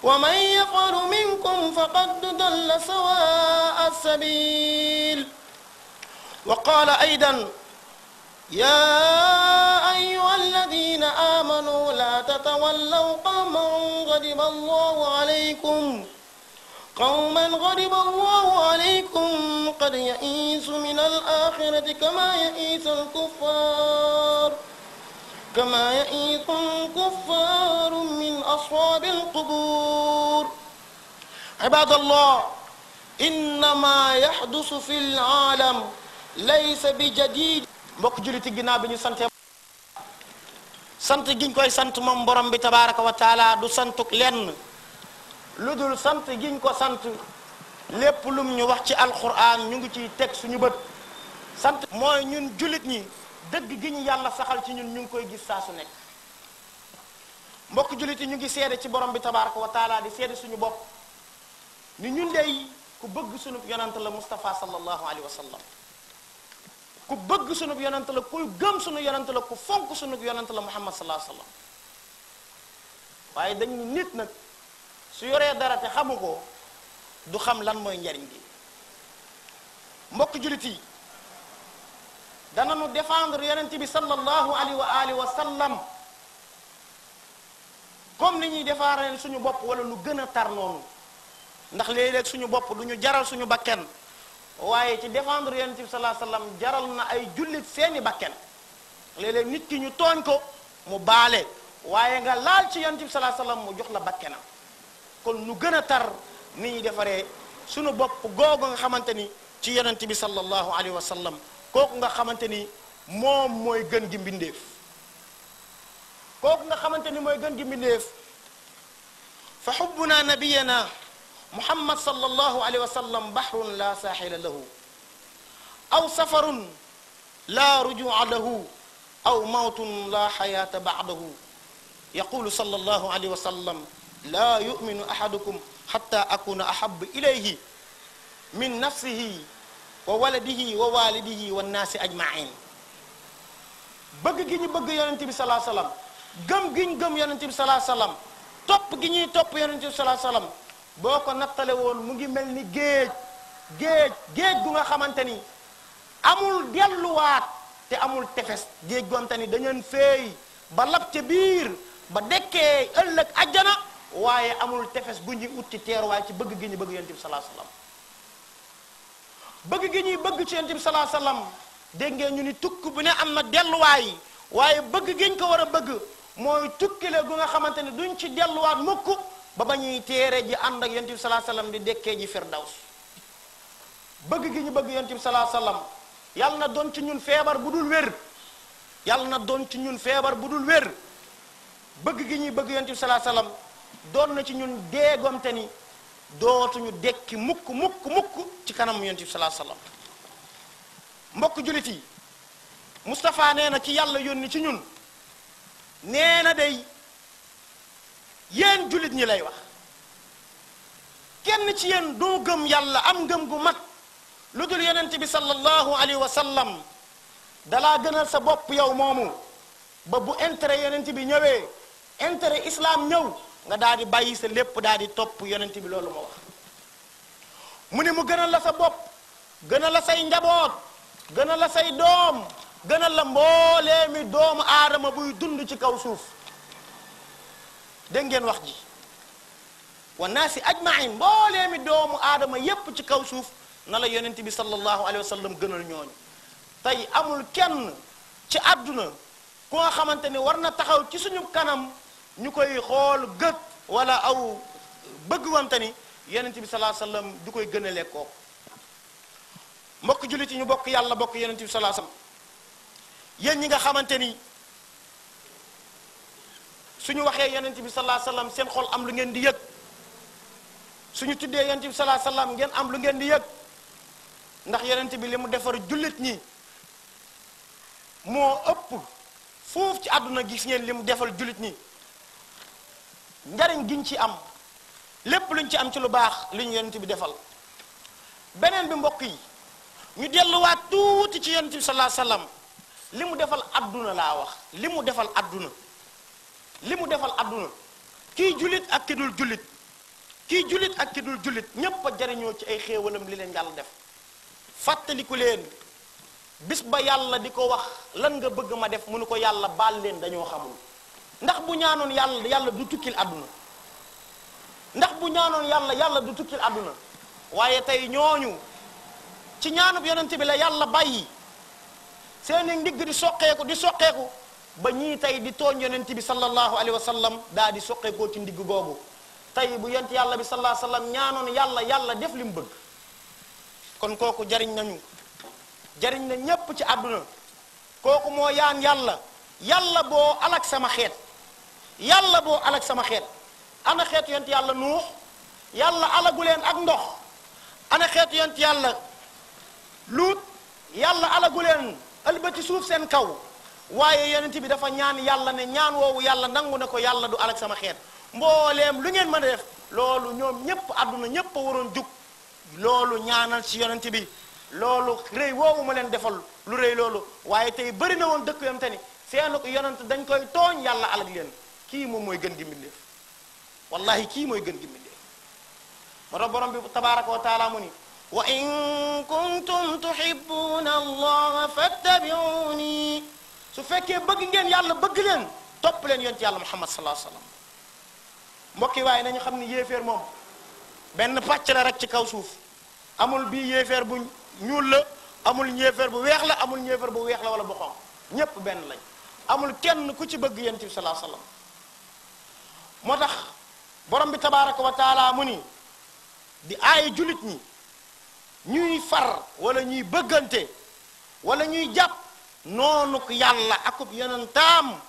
ومن يقر منكم فقد ضل سواء السبيل وقال أيضا يا أيها الذين آمنوا لا تتولوا قوما غضب الله عليكم قوما غضب الله عليكم قد يئيس من الآخرة كما يئيس الكفار كما يئيكم كفار من أصحاب القبور عباد الله إنما يحدث في العالم ليس بجديد مقجلتي جنابني سنت سنت جين كوي سنت مم بتبارك وتعالى دو سنت لين لدول سنت جين كو سنت لبلوم نيوحتي القرآن نيوحتي تكس نيوبت سنت موي نيون dëgg gi ñu yàlla saxal ci ñun ñu ngi koy gis saa su nekk mbokk jullit yi ñu ngi seede ci borom bi tabaraka wa di seede suñu bopp ni ñun dey ku bëgg sunub yonant la Mustafa sallallahu alayhi wa sallam ku bëgg sunub yonant la ku gëm suñu yonant la ku fonk sunub yonant la Muhammad sallallahu alayhi wa waaye dañu nit nag su yoree dara te xamu ko du xam lan mooy njariñ bi mbokk jullit yi دانا نو ديفاندر يونتي بي صلى الله عليه واله وسلم كوم ني ني ديفارين سونو بوب ولا نو گنا تار نونو ندخ لي ليك سونو بوب دو نو جارال سونو باكن وايي تي ديفاندر يونتي صلى الله عليه وسلم جارال نا اي جوليت سيني باكن لي ليك نيت كي نو تون كو مو بالي وايي nga لال تي يونتي صلى الله عليه وسلم مو جوخ لا باكن كون نو گنا تار ني ني ديفاري سونو بوب گوگو خامتاني تي يونتي بي صلى وسلم koku nga xamanteni mom moy gën gi mbindef koku nga xamanteni moy gën gi mbindef fa xubbuna nabiyyana muhammad sallallahu alayhi wa sallam bahrun la sahila lahu aw safarun la rujua lahu aw mautun la hayata ba'dahu يقول صلى الله عليه وسلم لا يؤمن أحدكم حتى أكون أحب إليه من نفسه wa waladihi wa walidihi wan nasi ajmain bëgg gi ñu bëgg yonente bi alayhi wasallam gëm gi ñu gëm yonente bi alayhi wasallam top gi ñuy top yonente bi sallallahu alayhi wasallam boko natale won mu ngi mel ni geej geej gu nga xamanteni amul delu waat te amul tefes geej gu tani ni fei, féey ba lab ci biir ba dekkee ëlëk aljana waaye amul tefes bu ñi utti ci way ci bëgg gi ñu bëgg yonente bi alayhi wasallam bëgg gi ñuy bëgg ci yonent bi salaa dégg ngeen ñu ni tukk bu ne am na delluwaay waaye bëgg gi ñu ko war a bëgg mooy tukki la nga xamante ni duñ ci delluwaat mukk ba ba ñuy téere ji ànd ak yonent bi salaa sallam di dekkee ji firdaws bëgg gi ñu bëgg yonent bi salaa sallam yàlla na doon ci ñun feebar bu dul wér yàlla na doon ci ñun feebar bu dul wér bëgg gi ñuy bëgg yonent bi salaa doon na ci ñun déegomte ni dootuñu dekki mukk mukk mukk ci kanam yonent bi salaa sallam mbokk jullit yi Moustapha nee na ci yàlla yónni ci ñun nee na day yéen jullit ñi lay wax kenn ci yéen doo gëm yàlla am ngëm gu mag lu dul yonent bi sallallahu alayhi wa sallam dalaa gënal sa bopp yow moomu ba bu intérêt yonent bi ñëwee intérêt islam ñëw nga daal di bàyyi sa lépp daal di topp yonent bi loolu ma wax mu ne mu gënal la sa bopp gënal la say njaboot gënal la say doom gënal la mboolee doomu aadama buy dund ci kaw suuf dégg ngeen wax ji wa naasi ajmain mboolee mi doomu aadama yépp ci kaw suuf na la yonent bi sallallahu alayhi wa sallam gënal ñooñu tey amul kenn ci àdduna ku nga xamante ni war na taxaw ci suñu kanam ñu koy xool gët wala aw bëgg wante ni yonent bi salaa sallam du koy gënalee kooku mbokk jullit yi ñu bokk yàlla bokk yonent bi salaa sallam yéen ñi nga xamante ni suñu waxee yonent bi salaa sallam seen xool am lu ngeen di yëg suñu tuddee yonent bi salaa sallam ngeen am lu ngeen di yëg ndax yenent bi li mu defar jullit ñi moo ëpp foofu ci àdduna gis ngeen li mu defal jullit ñi njariñ giñ ci am lépp luñ ci am ci lu baax li ñu yonent bi defal beneen bi mbokk yi ñu delluwaat tuuti ci yonent bi salaa li mu defal adduna laa wax li mu defal adduna li mu defal adduna kii jullit ak ki dul jullit kii jullit ak ki dul jullit ñépp jariñoo ci ay xéewalam li leen yàlla def fàttaliku leen bis ba yàlla di ko wax lan nga bëgg ma def mu mënu ko yàlla baal leen dañoo xamul ndax bu ñaanoon yàlla yàlla du tukkil àdduna ndax bu ñaanoon yàlla yàlla du tukkil àdduna waaye tey ñooñu ci ñaanub yonente bi la yàlla bàyyi seeni ndigg di soqeeku di soqeeku ba ñii tey di tooñ yonente bi sallallahu alayhi wa sallam daa di soqeekoo ci ndigg boobu tey bu yent yàlla bi sallallahu alayhi wa sallam ñaanoon yàlla yàlla def li mu bëgg kon kooku jariñ nañu jariñ na ñépp ci àdduna kooku moo yaan yàlla yàlla boo alak sama xeet yàlla boo alag sama xeet ana xeetu yàlla nuux yàlla alagu leen ak ndox anaxeet xeetu yent yàlla luut yàlla alagu leen ëlbati suuf seen kaw waaye yonent bi dafa ñaan yàlla ne ñaan woowu yàlla nangu ne ko yàlla du alag sama xeet mbooleem lu ngeen mën a def loolu ñoom ñépp àdduna ñépp waroon jug loolu ñaanal ci yonent bi loolu rëy woowu ma leen defal lu rëy loolu waaye tey bari na woon dëkk yam te ni seen ko yonant dañ koy tooñ yàlla alag leen كي موم موي گن گيمنديف والله كي موي گن گيمنديف مرو بروم بي تبارك وتعالى موني وان كنتم تحبون الله فاتبعوني سو فكي بگ گين يالا بگ لين توپ الله يونت يالا محمد صلى الله عليه وسلم موكي واي ناني خامني ييفر موم بن باتش لا رك سي امول بي ييفر بو نيول لا امول ييفر بو ويخ امول ييفر بو ويخ ولا بو خوم نيپ بن امول كين كو سي بگ صلى الله عليه وسلم moo tax borom bi tabaaraka wa mu ni di aay jullit ñi ñuy far walla ñuy bëggante wala ñuy jàpp noonu ko yàlla yeneen yonentam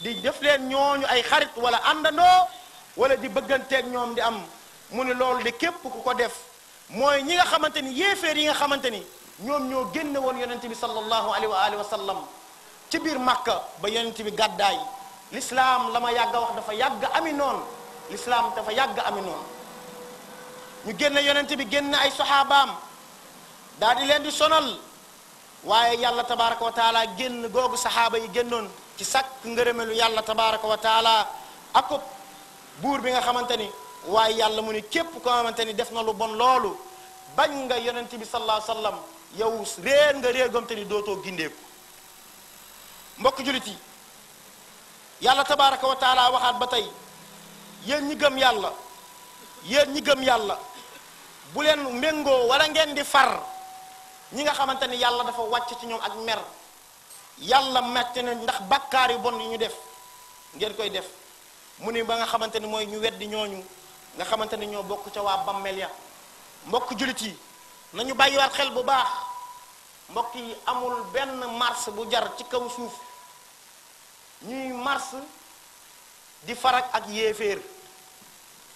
di def leen ñooñu ay xarit wala àndandoo wala di bëgganteek ñoom di am mu ni loolu de képp ku ko def mooy ñi nga xamante ni yéeféer yi nga xamante ni ñoom ñoo génne woon yonente bi sallallahu alayhi wa alihi ci biir màkka ba yonente bi gàddaay lislaam la ma yàgg a wax dafa yàgg ami noonu lislaam dafa yàgg ami noonu ñu génn yonent bi génn ay saxaabaam daal di leen di sonal waaye yàlla tabaraka wa taala génn googu saxaaba yi génnoon ci sàkk ngërëmelu yàlla tabaraka wa taala akub buur bi nga xamante ni waaye yàlla mu ni képp koo xamante ni def na lu bon loolu bañ nga yonent bi salaa alayhi wa sallam yow réer nga réer gomte ni dootoo gindeeku mbokk julit yàlla tabaaraka wa taala waxaat ba tey yéen ñi gëm yàlla yéen ñi gëm yàlla bu leen méngoo wala ngeen di far ñi nga xamante ni yàlla dafa wàcc ci ñoom ak mer yàlla metti na ndax bàkkaar yu bon yi ñu def ngeen koy def mu ni ba nga xamante ni mooy ñu weddi ñooñu nga xamante ni ñoo bokk ca waa bammel ya mbokk jullit yi nañu bàyyiwaat xel bu baax mbokk yi amul benn mars bu jar ci kaw suuf ñuy mars di farak ak yéeféer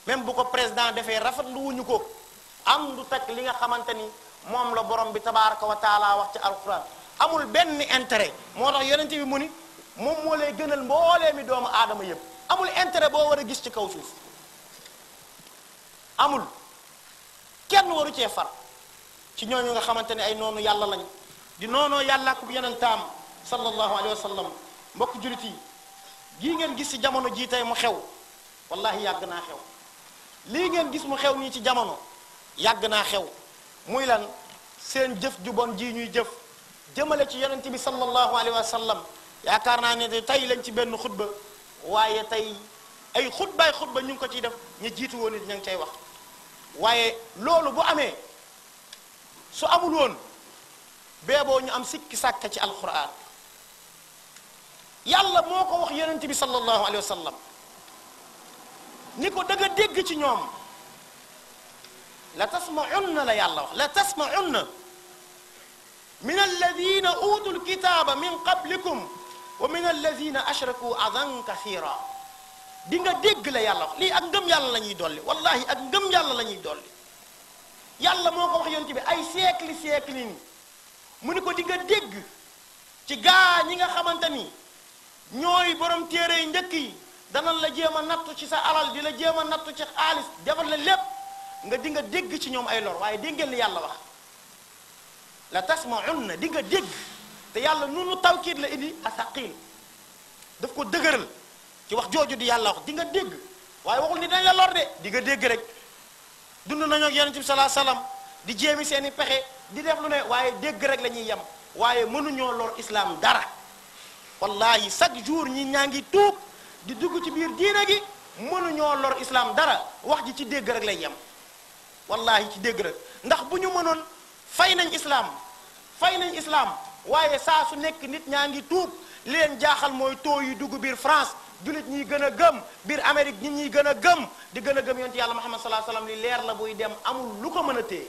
même bu ko président defee rafetlu wuñu ko am du tak li nga xamante ni moom la borom bi tabaraka wa wax ci alquran amul benn intérêt moo tax yeneen bi mu ni moom moo lay gënal mboolee mi doomu aadama yëpp amul intérêt boo war a gis ci kaw suuf amul kenn waru cee far ci ñooñu nga xamante ne ay noonu yàlla lañ di noonoo yàlla ak yonentaam sallallahu alayhi wa sallam mbokk julit yi gii ngeen gis ci jamono jii tey mu xew wallahi yàgg naa xew lii ngeen gis mu xew nii ci jamono yàgg naa xew muy lan seen jëf ju bon ji ñuy jëf jëmale ci yonent bi sallallahu alayhi wa sallam yaakaar naa ne tey lañ ci benn xutba waaye tey ay xutbaay xutba ñu ngi ko ciy def ñu jiitu woon it ña ngi cay wax waaye loolu bu amee su amul woon beeboo ñu am sikki sàkka ci alquran يلا موكو وخ يننتي صلى الله عليه وسلم نيكو دغا ديغ سي نيوم لا تسمعن لا يلا لا تسمعن من الذين اوتوا الكتاب من قبلكم ومن الذين اشركوا اذن كثيرا ديغا ديغ لا يلا لي اك غم يلا لا ني دولي والله اك غم يلا لا ني دولي يلا موكو وخ يننتي بي اي سيكل سيكلين مونيكو ديغا ديغ سي غا نيغا خامتاني ñooy borom téere yi njëkk yi danañ la jéem a nattu ci sa alal di la jéem a nattu ci xaalis defal la lépp nga di nga dégg ci ñoom ay lor waaye dégg yàlla wax la tasmaunna di nga dégg te yàlla nunu tawkiit la indi asaqil daf ko dëgëral ci wax jooju di yàlla wax dégg waaye waxul ni dañ la lor de di nga dégg rek dund nañoo ak ci bi salaa salaam di jéemi seen i pexe di def lu ne waaye dégg rek la ñuy yem waaye mënuñoo lor islaam dara wallahi chaque jour ñi ñaa ngi tuub di dugg ci biir diina gi mënuñoo lor islaam dara wax ji ci dégg rek lay yem wallahi ci dégg rek ndax bu ñu mënoon fay nañ islaam fay nañ islaam waaye saa su nekk nit ñaa ngi tuub leen jaaxal mooy taux yu dugg biir France jullit ñuy gën a gëm biir amerique nit ñuy gën a gëm di gën a gëm yonent yàlla Muhammad salaa salaam li leer la buy dem amul lu ko mën a téye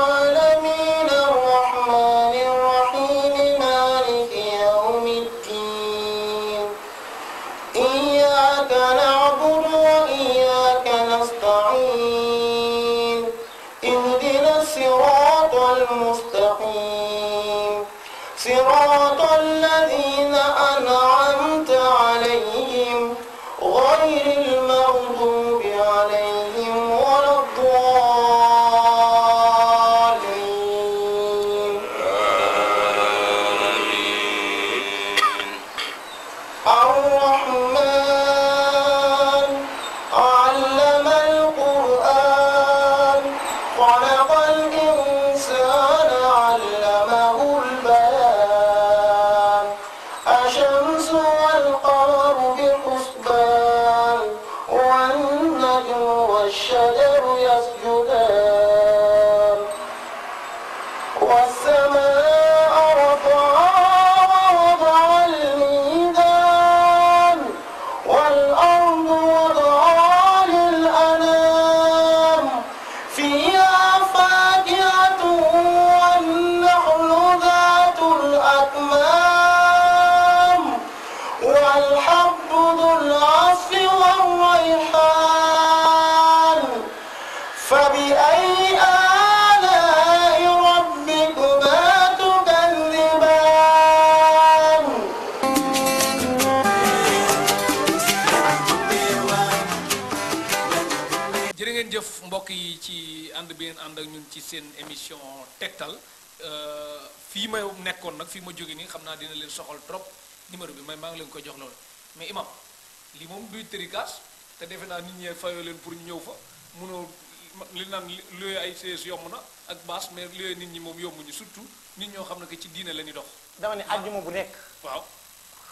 nekkoon nak fi ma joge ni xamna dina len soxal trop numéro bi may maa ngi leen koy jox lol mais imam li mom duy tricas te defe na nit ñee fayo len pour ñu ñëw fa mëno li nan luye ay ces yom na ak baas mais luye nit ñi mom yomu ñu surtout nit ñoo xamna ne ci diina la ñuy dox. dama ni aljuma bu nek waaw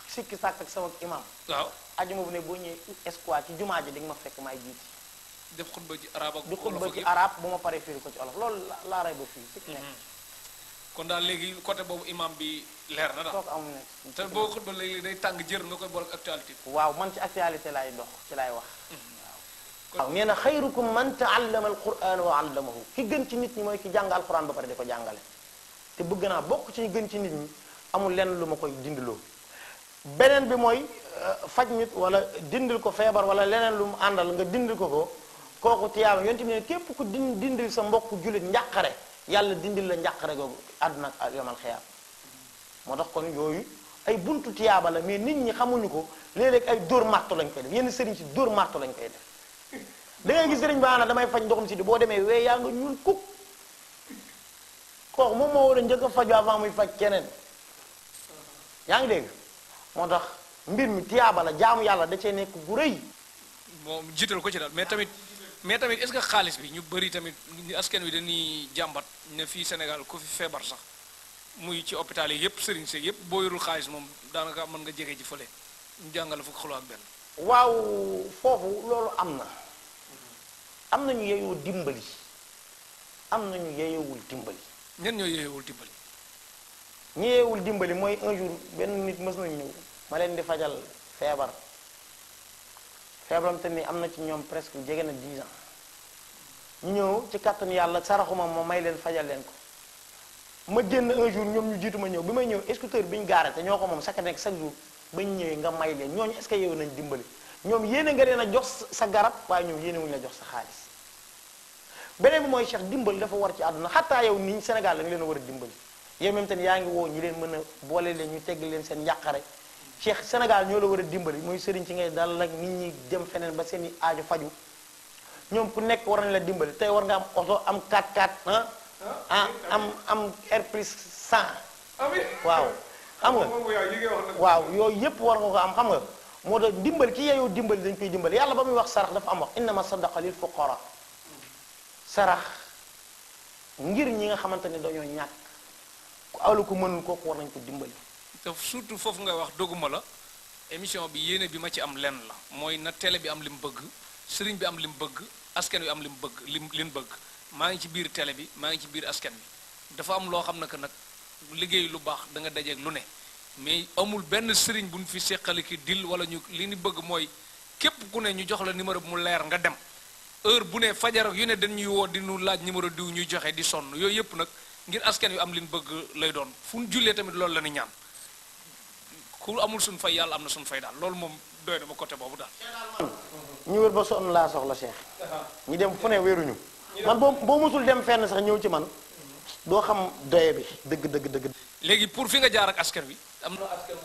sikki sak ak sama imam. waaw aljuma bu nekk bo ñe escouade ci jumaa ji di nga ma fekk may jiiti. def khutba ci arab ak. di xutba ci arab buma paré fi ko ci olof lol la ray ba fi sikki mhm. nek kon daal léegi côté boobu imam bi leer na daal te boo xutba léegi day tàng jër nga koy boole ak waaw man ci actualité laay dox ci laay wax mhm. waaw nee na xayrukum man taallama alquran wa allamahu ki gën ci nit ñi mooy ki jàng alquran ba pare di ko jàngale te bugg naa bokk ci gën ci nit ñi amul lenn lu ma koy dindiloo beneen bi mooy euh, faj nit wala dindil ko feebar wala leneen lu mu àndal nga dindil ko ko kooku tiyaaba yonent bi képp ku din dindil sa mbokk jullit njàqare yàlla dindil la njàqare googu àdduna ak yomal xiyaam moo tax kon yooyu ay buntu tiyaaba mais nit ñi xamuñu ko léeg-léeg ay dóor marto lañ koy def yenn sëriñ si dóor marto lañ koy def da ngay gis sëriñ na damay faj ndoxum si di boo demee wee yaa nga ñuul kuk kooku moom moo war a njëkk a faju avant muy faj keneen yaa ngi dégg moo tax mbir mi tiyaaba la jaamu yàlla da cee nekk bu rëy moom jiital ko ci daal mais tamit mais tamit est-ce que xaalis bi ñu bari tamit askan wi dañuy jàmbat ne fii Sénégal ko fi feebar sax muy ci hôpital yi yëpp sëriñ si yëpp booy yorul xaalis moom daanaka mën nga jege ji fële ñu jàngale fukk xuloo ak benn. waaw foofu loolu am na am na ñu yeyoo dimbali am na ñu yeyoowul dimbali. ñenn ñoo yeyoowul dimbali. ñu yeyoowul dimbali mooy un benn nit mës nañu ñëw ma leen di fajal feebar. febram tamit am na ci ñoom presque jege na 10 ans ñu ñëw ci kàttan yàlla saraxuma ma may leen fajal leen ko ma génn un jour ñoom ñu jiitu ma ñëw bi may ñëw scooter bi ñu gaare te ñoo ko moom chaque nekk chaque jour bañ ñëwee nga may leen ñooñu est ce que yow nañ dimbali ñoom yéene nga leen a jox sa garab waaye ñoom yéene wuñ la jox sa xaalis beneen bi mooy Cheikh dimbal dafa war ci àdduna xataa yow nii Sénégal la nga leen a war a dimbali yow même tamit yaa ngi woo ñi leen mën a boole leen ñu tegg leen seen yàqare cheikh senegal ñoo la wara dimbali moy sëriñ ci ngay dal nak nit ñi dem fenen ba seen aaju faju ñom ku nekk war nañ la dimbali tay war nga am auto am 4x4 ah, ah am am air plus 100 ah, waaw xam nga waaw yoy yep war nga ko am xam nga moo tax dimbal ki yeyoo dimbali dañ koy dimbali yalla bamuy wax sarax dafa am wax inna ma sadaqa lil fuqara sarax ngir ñi nga xamante ne dañoo ñàkk ku awlu ko mënul ko war nañ ko dimbali te surtout foofu ngay wax doguma la émission bi yéene bi ma ci am lenn la mooy na télé bi am li mu bëgg sëriñ bi am li mu bëgg askan bi am li mu bëgg lim li bëgg maa ngi ci biir télé bi maa ngi ci biir askan bi dafa am loo xam ne que nag liggéey lu baax da nga dajeeg lu ne mais amul benn sëriñ bu ñu fi seqali ki wala ñu li ñu bëgg mooy képp ku ne ñu jox la numéro bi mu leer nga dem heure bu ne fajar yu ne dañuy woo di nu laaj numéro diw ñuy joxe di sonn yooyu yëpp nag ngir askan wi am li ñu bëgg lay doon fu ñu jullee tamit loolu la ñu ñaan ku amul suñ fay yàlla am na suñ fay daal loolu moom doy na ma côté boobu daal. ñu wér ba sonn laa soxla Cheikh. ñu dem fu ne wéruñu. man boo boo dem fenn sax ñëw ci man doo xam doye bi dëgg dëgg dëgg. léegi pour fi nga jaar ak askan bi am na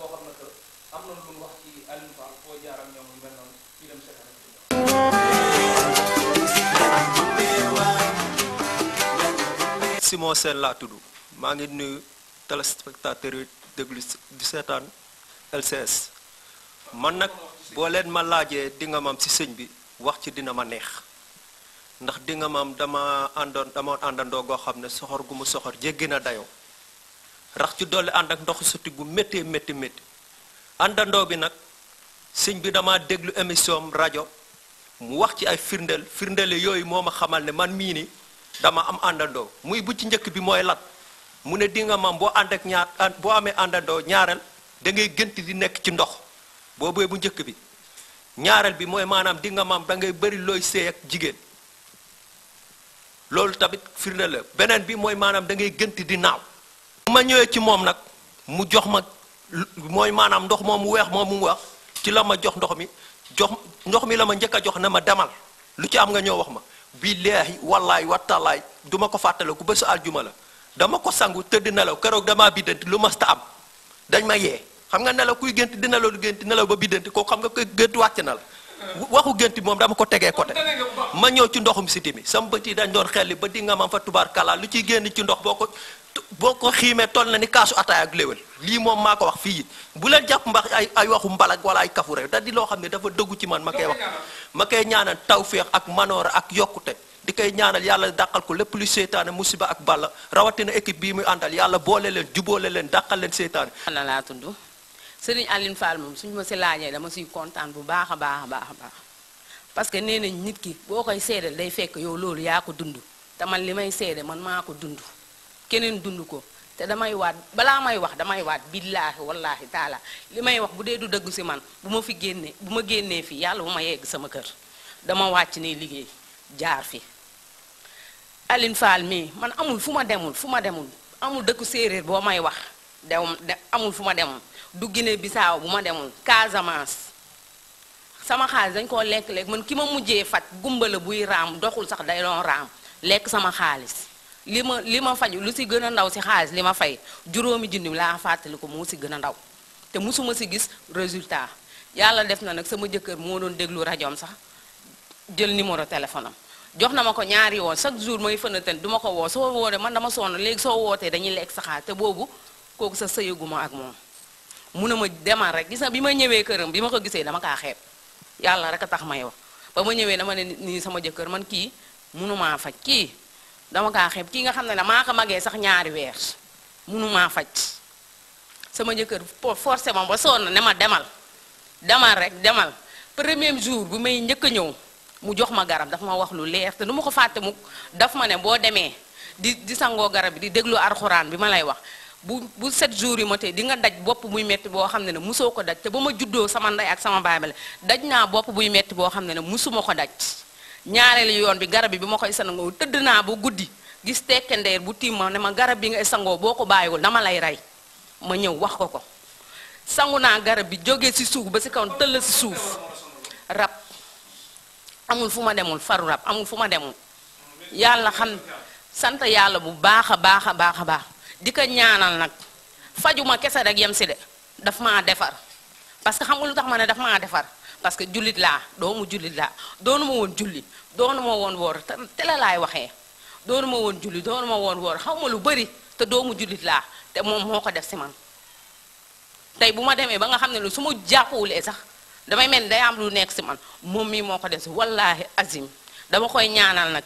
Simon Sène laa tudd maa ngi nuyu téléspectateurs yi déglu seetaan. LCS man nak bo len ma laaje di nga maam si sëñ bi wax ci dina ma neex ndax di nga dama andon dama andando go xamne soxor gu mu soxor jeegina dayo rax ci dolli and ak ndox sotti gu metti metti metti andando bi nak señ bi dama deglu émission radio rajo mu wax ci ay firndel firndel yoy moma xamal ne man mi ni dama am andando muy bu ci njëkk bi moy lat mu ne di nga maam bo ànd ak ñaar bo amé andando ñaaral da ngay gënt di nekk ci ndox boobee bu njëkk bi ñaareel bi mooy maanaam di nga maam da ngay bëri looy seey ak jigéen loolu tamit firnde la beneen bi mooy maanaam da ngay gënt di naaw ma ñëwee ci moom nag mu jox ma mooy maanaam ndox moom weex moom mu wax ci la ma jox ndox mi jox ndox mi la ma njëkk a jox na ma demal lu ci am nga ñëw wax ma billahi wallahi talay duma ko fatale ku bésu aljuma la dama ko sangu tëdd nelaw keroog dama biddanti lu masta am dañ ma yee xam nga nelaw kuy gént di nelaw lu gént nelaw ba biddanti ko xam nga koy gént wàcc na la hmm. waxu gént moom dama ko tegee côté ma ñëw ci ndoxum siti mi sama bët yi dañ doon xelli ba di nga mam fa tubaar kala ciy génn ci ndox ko boo ko xiimee toll na ni kaasu ataay ak léwél lii moom maa ko wax fii bu leen jàpp mbax ay ay waxu mbalak walla ay kafu rek da di loo xam ne dafa dëggu ci man ma koy wax ma koy ñaanal tawféex ak manoora ak yokkute di koy ñaanal yàlla dàqal ko lépp lu seytaane musiba ak balla rawatina équipe bii mu àndal yàlla boole leen juboole leen dàqal leen seytaane. lan laa tudd. sëriñ Aline Fall moom suñ ma si laajee dama siy kontaan bu baax a baax a baax a baax parce que nee nañ nit ki boo koy seedal day fekk yow loolu yaa ko dund te man li may seede man maa ko dund keneen dund ko te damay waat balaa may wax damay waat billaahi wallaahi taala li may wax bu dee du dëggu si man bu ma fi génnee bu ma génnee fi yàlla bu ma yegg sama kër dama wàcc ni liggéey jaar fi Aline Fall mii man amul fu ma demul fu ma demul amul dëkku séeréer boo may wax dew fu ma demul du Guinée Bissau bu ma demul Casamance sama xaalis dañ koo lekk lekk man ki ma mujjee fat gumba la buy raam doxul sax day doon raam lekk sama xaalis li ma li ma faj lu si gën a ndaw si xaalis li ma fay juróomi junni laa fàttali ko moo si gën a ndaw te mosuma si gis résultat yàlla def na nag sama jëkkër moo doon déglu rajoom sax jël numéro téléphone am jox na ma ko ñaari yoon chaque jour may fënaten du ma ko woo soo wootee man dama sonn léegi soo wootee dañuy lekk sa boobu kooku sa sëyaguma ak moom mu ne ma demal rek gis na bi ma ñëwee këram bi ma ko gisee dama kaa xeeb yàlla rek a tax may wax ba ma ñëwee dama ne nii sama jëkkër man kii munumaa faj kii dama kaa xeeb kii nga xam ne ne maa ko magee sax ñaari weer maa faj sama jëkkër forcé ma ba sonn ne ma demal demal rek demal premier jour bu may njëkk a ñëw mu jox ma garab daf ma wax lu leer te nu ma ko fàtte mu daf ma ne boo demee di di sangoo garab bi di déglu arxuraan bi ma lay wax bu bu sept jours yi motee di nga daj bopp buy metti boo xam ne ne musoo ko daj te ba ma juddoo sama ndey ak sama baay la daj naa bopp buy metti boo xam ne ne musuma ko daj ñaareel yoon bi garab bi bi ma koy sangoo tëdd naa ba guddi gis tekke bu tiim ne ma garab bi sangoo boo ko bàyyiwul dama lay rey ma ñëw wax ko ko sangu naa garab bi jóge si suuf ba si kaw tëll si suuf rab amul fu ma demul faru rab amul fu ma demul yàlla xam sant yàlla bu baax a baax a baax a baax di ko ñaanal nag fajuma kese rek yem si de daf maa defar parce que xam nga lu tax ma ne daf maa defar parce que jullit laa doomu jullit laa doonu ma woon julli doonu ma woon woor te la waxee doonu ma woon julli doonu ma woon woor xaw ma lu bëri te doomu jullit laa te moom moo ko def si man tey bu ma demee ba nga xam ne lu su ma jàppuwulee sax damay mel ni day am lu nekk si man moom mii moo ko def si wallaahi azim dama koy ñaanal nag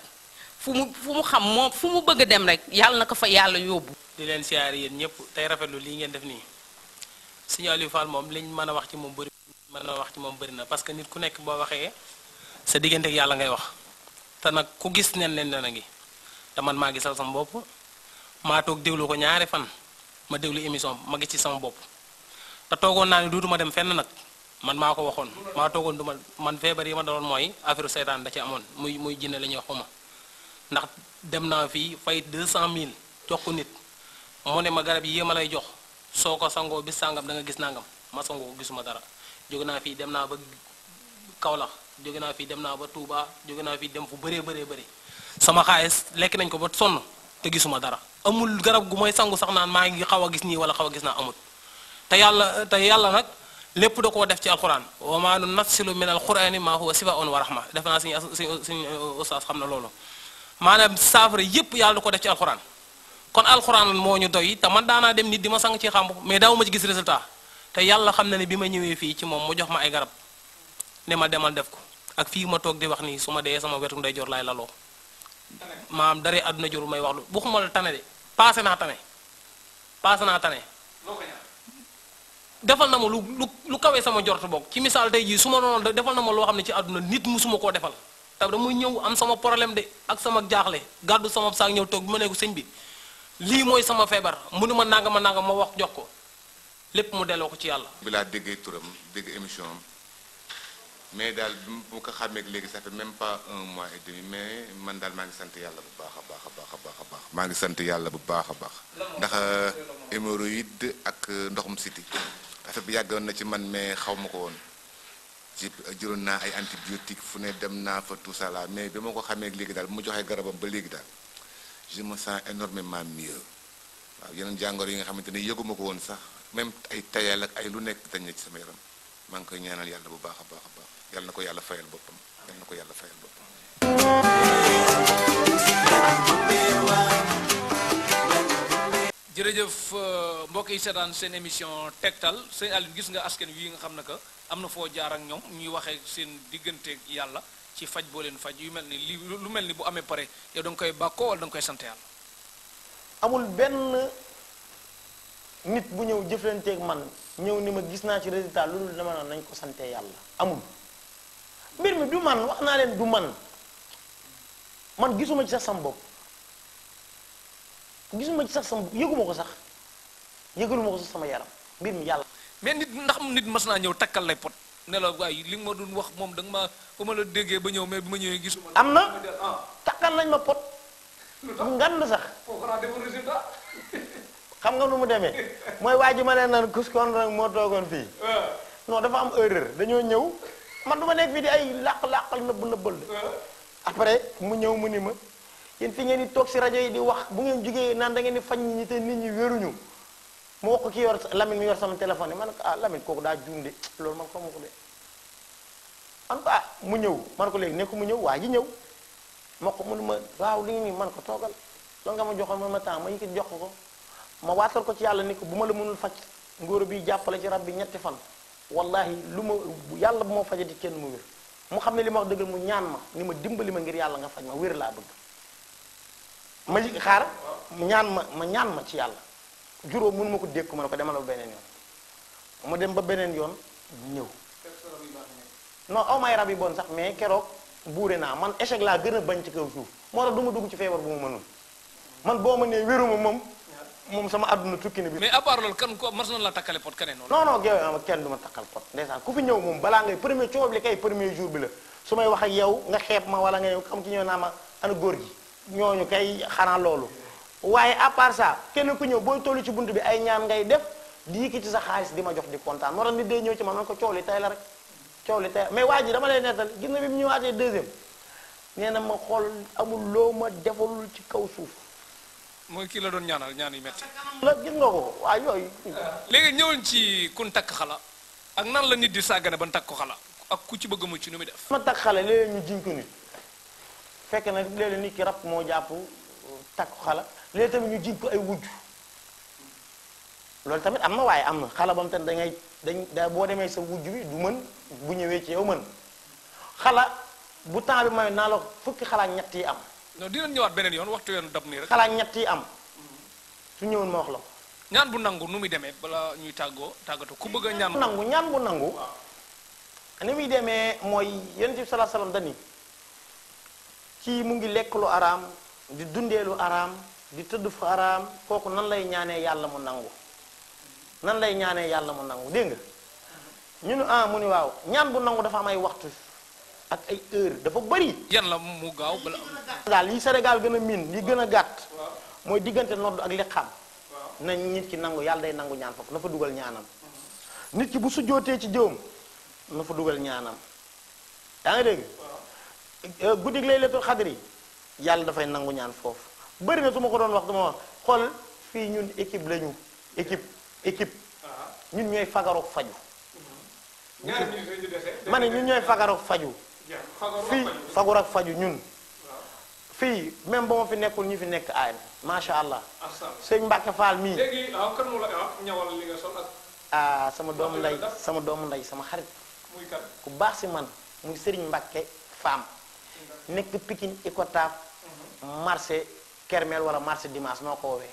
fumu fumu xam moom fumu bëgg dem rek yalla naka fa yalla yobbu di len siar yeen ñepp tay rafetlu li ngeen def ni seigne Aliou Fall mom liñ mëna wax ci mom bari mëna wax ci mom bari na parce que nit ku nekk bo waxe sa diggante ak yàlla ngay wax ta nak ku gis nen leen na ngi te man ma gi gisal sama bop ma tok déglu ko ñaari fan ma déglu émission ma gi ci sama bop ta toogoon na ni duutuma dem fenn nak man mako ko ma maa toogoon duma man febar yi ma daloon moy affaire setan da ci amone muy muy jinne lañu ñuy xuma ndax dem naa fii fay 200000 jox ko nit mu ne ma garab yi ma lay jox soo ko sangoo bis sàngam da nga gis nangam ma sangoo ko gisuma dara jóge naa fii dem naa ba kawlax jóge naa fii dem naa ba Touba jóge naa fii dem fu bëree bëree bëri sama xaalis lekk nañ ko ba sonn te gisuma dara amul garab gu may sangu sax naan maa ngi xaw a gis nii wala xaw a gis naa amut te yàlla te yàlla nag lépp da koo def ci alquran wa maa nunassilu min alqurani maa huwa sifaun wa rahma def naa suñu suñu uh, ustaas xam na loolu maanaam saafara yépp yàlla da ko def ci alxuraan kon alxuraan moo ñu doy te man daanaa dem nit di ma sang ci xàmb mais daaw ma ci gis résultat te yàlla xam na ne bi ma ñëwee fii ci moom mu jox ma ay garab ne ma demal def ko ak fii ma toog di wax nii su ma dee sama wetu ndeyjoor laay laloo maam daree àdduna jorul may wax lu bu xuma la tane de paase naa tane paase naa tane defal na ma lu lu lu kawee sama njort bokk ci misaal tey jii su ma noonu defal na ma loo xam ne ci àdduna nit musuma koo defal te muy ñëw am sama problème de ak sama jaaxle gàddu sama saak ñëw toog bi ma ne ko sëñ bi lii mooy sama feebar mu mënu ma nanga ma nanga ma wax jox ko lépp mu delloo ko ci yàlla. bi laa déggee turam dégg émission am mais daal bu ko xàmmee léegi ça même pas mois et demi mais man daal maa ngi sant yàlla bu baax a baax a baax a baax a baax. maa ngi sant yàlla bu baax a baax. ndax euh, hémorroïde ak euh, ndoxum siti affaire bi yàggoon na ci man mais xaw ma ko woon. ci jëloon naa ay antibiotique fu ne dem naa fa tout ça mais bi ma ko xamee léegi daal bu ma joxee garabam ba léegi daal je me énormément mieux waaw yeneen jàngoro yi nga xamante ne yëguma ko woon sax même ay tayal ak ay lu nekk dañ na ci sama yaram maa ngi koy ñaanal yàlla bu baax a baax a baax yàlla na ko yàlla fayal boppam yàlla na ko yàlla fayal boppam jërëjëf euh, mbokk yi seetaan seen émission tegtal sëñ Alioune gis nga askan wi nga xam ne que am na foo jaar ak ñoom ñuy waxee seen digganteeg yàlla ci faj boo leen faj yu mel ni li lu mel ni bu amee pare yow da nga koy bàkkoo wala da nga koy sant yàlla. amul benn nit bu ñëw jëflanteeg man ñëw ni ma gis naa ci résultat loolu dama naan nañ ko yàlla amul mbir mi du man wax naa leen du man man gisuma ci sax sam bopp. gisuma ci sax sama yëguma ko sax yëgaluma ko sax sama yaram mbir mi yàlla. mais nit ndax nit mas naa ñëw takkal lay pot ne la li ma doon wax moom da ma ba ma déggee ba ñëw mais bi ma ñëwee gisuma. am na ah. takkal nañ ma pot. ngan na sax. xam nga nu mu demee mooy waa ji ma ne nan kuskoon rek moo toogoon fii. Ah. non dafa am erreur dañoo ñëw man du ma nekk fii di ay làq làqal nëbb nëbbal de. Ah. après mu ñëw mu ni ma. yeen fi ngeen di tok ah, kan? si radio yi di wax bu ngeen jugee nan da ngeen di fagn ni te nit ñi wéruñu mo wax ko ki yor Lamine mi yor sama téléphone man ah Lamine koku da jundé lool man ko moko dé an ko ah mu ñew man ko léegi nekku mu ñew waaji ñew ñëw ma ko mënu ma waaw li ni man ko togal la nga ma joxoon man ma temps ma yëkkati jox ko ma waatal ko ci yalla ni ko buma la mënul fajj bi jappale ci rabbi ñetti fan wallahi lu ma yàlla bu kenn mu wér mu xam li ma wax dëggal mu ñaan ma ni ma dimbali ma ngir yalla nga fajj ma la bëgg ma yëg xaar mu ñaan ma ma ñaan ma ci yàlla juróom mënu ma ko dékku ma ne ko demal ba beneen yoon mu dem ba beneen yoon ñëw non aw may rab yi bon sax mais keroog buure naa man échec laa gën a bañ ci kaw suuf moo tax du ma dugg ci feebar bu ma mënul man boo ma nee wéruma moom moom sama aduna tukki na bi mais à part loolu kan ko mas na la takkale pot kane non non gëw am kenn duma ma takkal pot ndeysaan ku fi ñëw moom balaa ngay premier coob li kay premier jour bi la su may wax ak yow nga xeeb ma wala nga yow xam ki ñëw naa ma ana góor gi ñooñu kay xanaa loolu waaye à part kenn ku ñëw booy tollu ci bunt bi ay ñaan ngay def di yëkkati sa xaalis di ma jox di kontaan moo tax nit day ñëw ci man man ko coow li tey la rek coow li tey mais waa ji dama lay nettal gis na bi mu ñëwaatee deuxième nee na ma xool amul loo ma defalul ci kaw suuf. mooy kii la doon ñaanal ñaan yu la gis nga ko waaye yooyu. léegi ñëwoon ci kun takk xala ak nan la nit di sàggane ba takk ko xala ak ku ci bëgg mu ci nu muy def. ma takk xala léeg ñu jiñ ko nit. fekk na léeg-léeg nit ki rab moo jàpp takk xala léegi tamit ñu jiñ ko ay wujj loolu tamit am na waaye am na xala bam tamit dangay dañ boo demee sa wujj wi du mën bu ñëwee ci yow mën xalaat bu temps bi may naa la fukki xalaat ñetti am. non dinañ ñëwaat beneen yoon waxtu yoon dab nii rek. xalaat ñett am su ñëwoon ma wax la ñaan bu nangu nu muy demee bala ñuy tàggoo tàggatoo ku bëgg a ñaan. nangu ñaan bu nangu. ni muy demee mooy yenn bi sallallahu alayhi dani kii mu ngi lekk lu araam di dundeelu araam di tëdd fu araam kooku nan lay ñaanee yàlla mu nangu nan lay ñaanee yàlla mu nangu dégg nga ñu ne ah mu ni waaw ñaan bu nangu dafa am ay waxtu ak ay heure dafa bëri. yan mu gaaw bala. daal yi Sénégal gën a miin yi gën a gàtt. mooy diggante nodd ak liqaam. na nit ki nangu yàlla day nangu ñaan foofu na fa dugal ñaanam. nit ki bu su ci jëwam na fa dugal ñaanam yaa ngi dégg. Euh, guddig laylatul xadri yàlla dafay nangu ñaan foofu bari na su ma ko doon wax dama wax xool fii ñun équipe lañu équipe équipe ah. ñun ñooy fagaroog faju mm-hmm. ma ne ñun ñooy fagaroog faju fii fagaroog faju ñun ah. fii même ba ma fi nekkul ñu fi nekk aay macha allah sëñ Mbacke Fall mii léegi ah, sama doomu nday sama doomu nday sama xarit ku baax si man muy sëriñ Mbacke Faam nekk Pikine Icotaf marché Kermel wala marché Dimanche noo ko woowee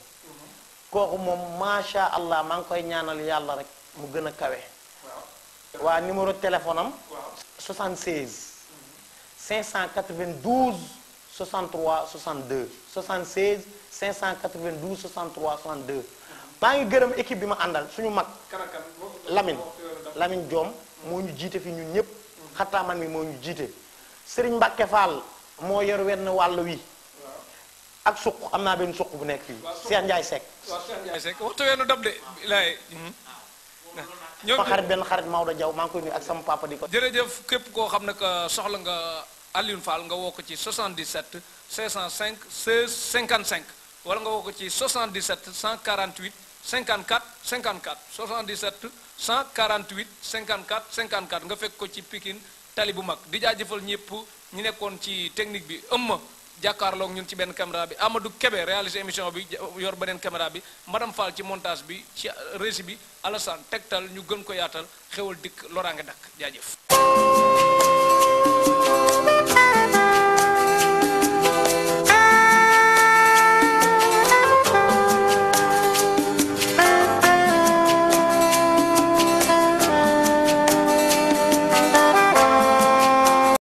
kooku moom macha allah maa ngi koy ñaanal yàlla rek mu gën a kawe waa numéro téléphone am 76 592 63 62 76 592 63 62 maa ngi gërëm équipe bi ma àndal suñu mag Lamine Lamine Diom moo ñu jiite fi ñun ñëpp xataa mi moo ñu jiite Serigne Mbacke Fall moo yor wenn wàll wi ak suq am naa benn suq bu nekk fii Cheikh Ndiaye Seck. waaw weenu dab de. laay mhm. xarit benn xarit Maodo jaw maa ngi koy nuyu ak sama papa di ko. jërëjëf képp koo xam ne que soxla nga Alioune Fall nga woo ko ci 77 505 16 55 wala nga woo ko ci 77 148 54 54 77 148 54 54 nga fekk ko ci Pikine. tali bu mag di jaajëfal ñëpp ñu nekkoon ci technique bi ëmma look ñun ci benn caméra bi Amadou Kébé réalisé émission bi yor beneen caméra bi madame Fall ci montage bi ci régie bi Alassane tegtal ñu gën ko yaatal xewal dikk loraange dakk jaajëf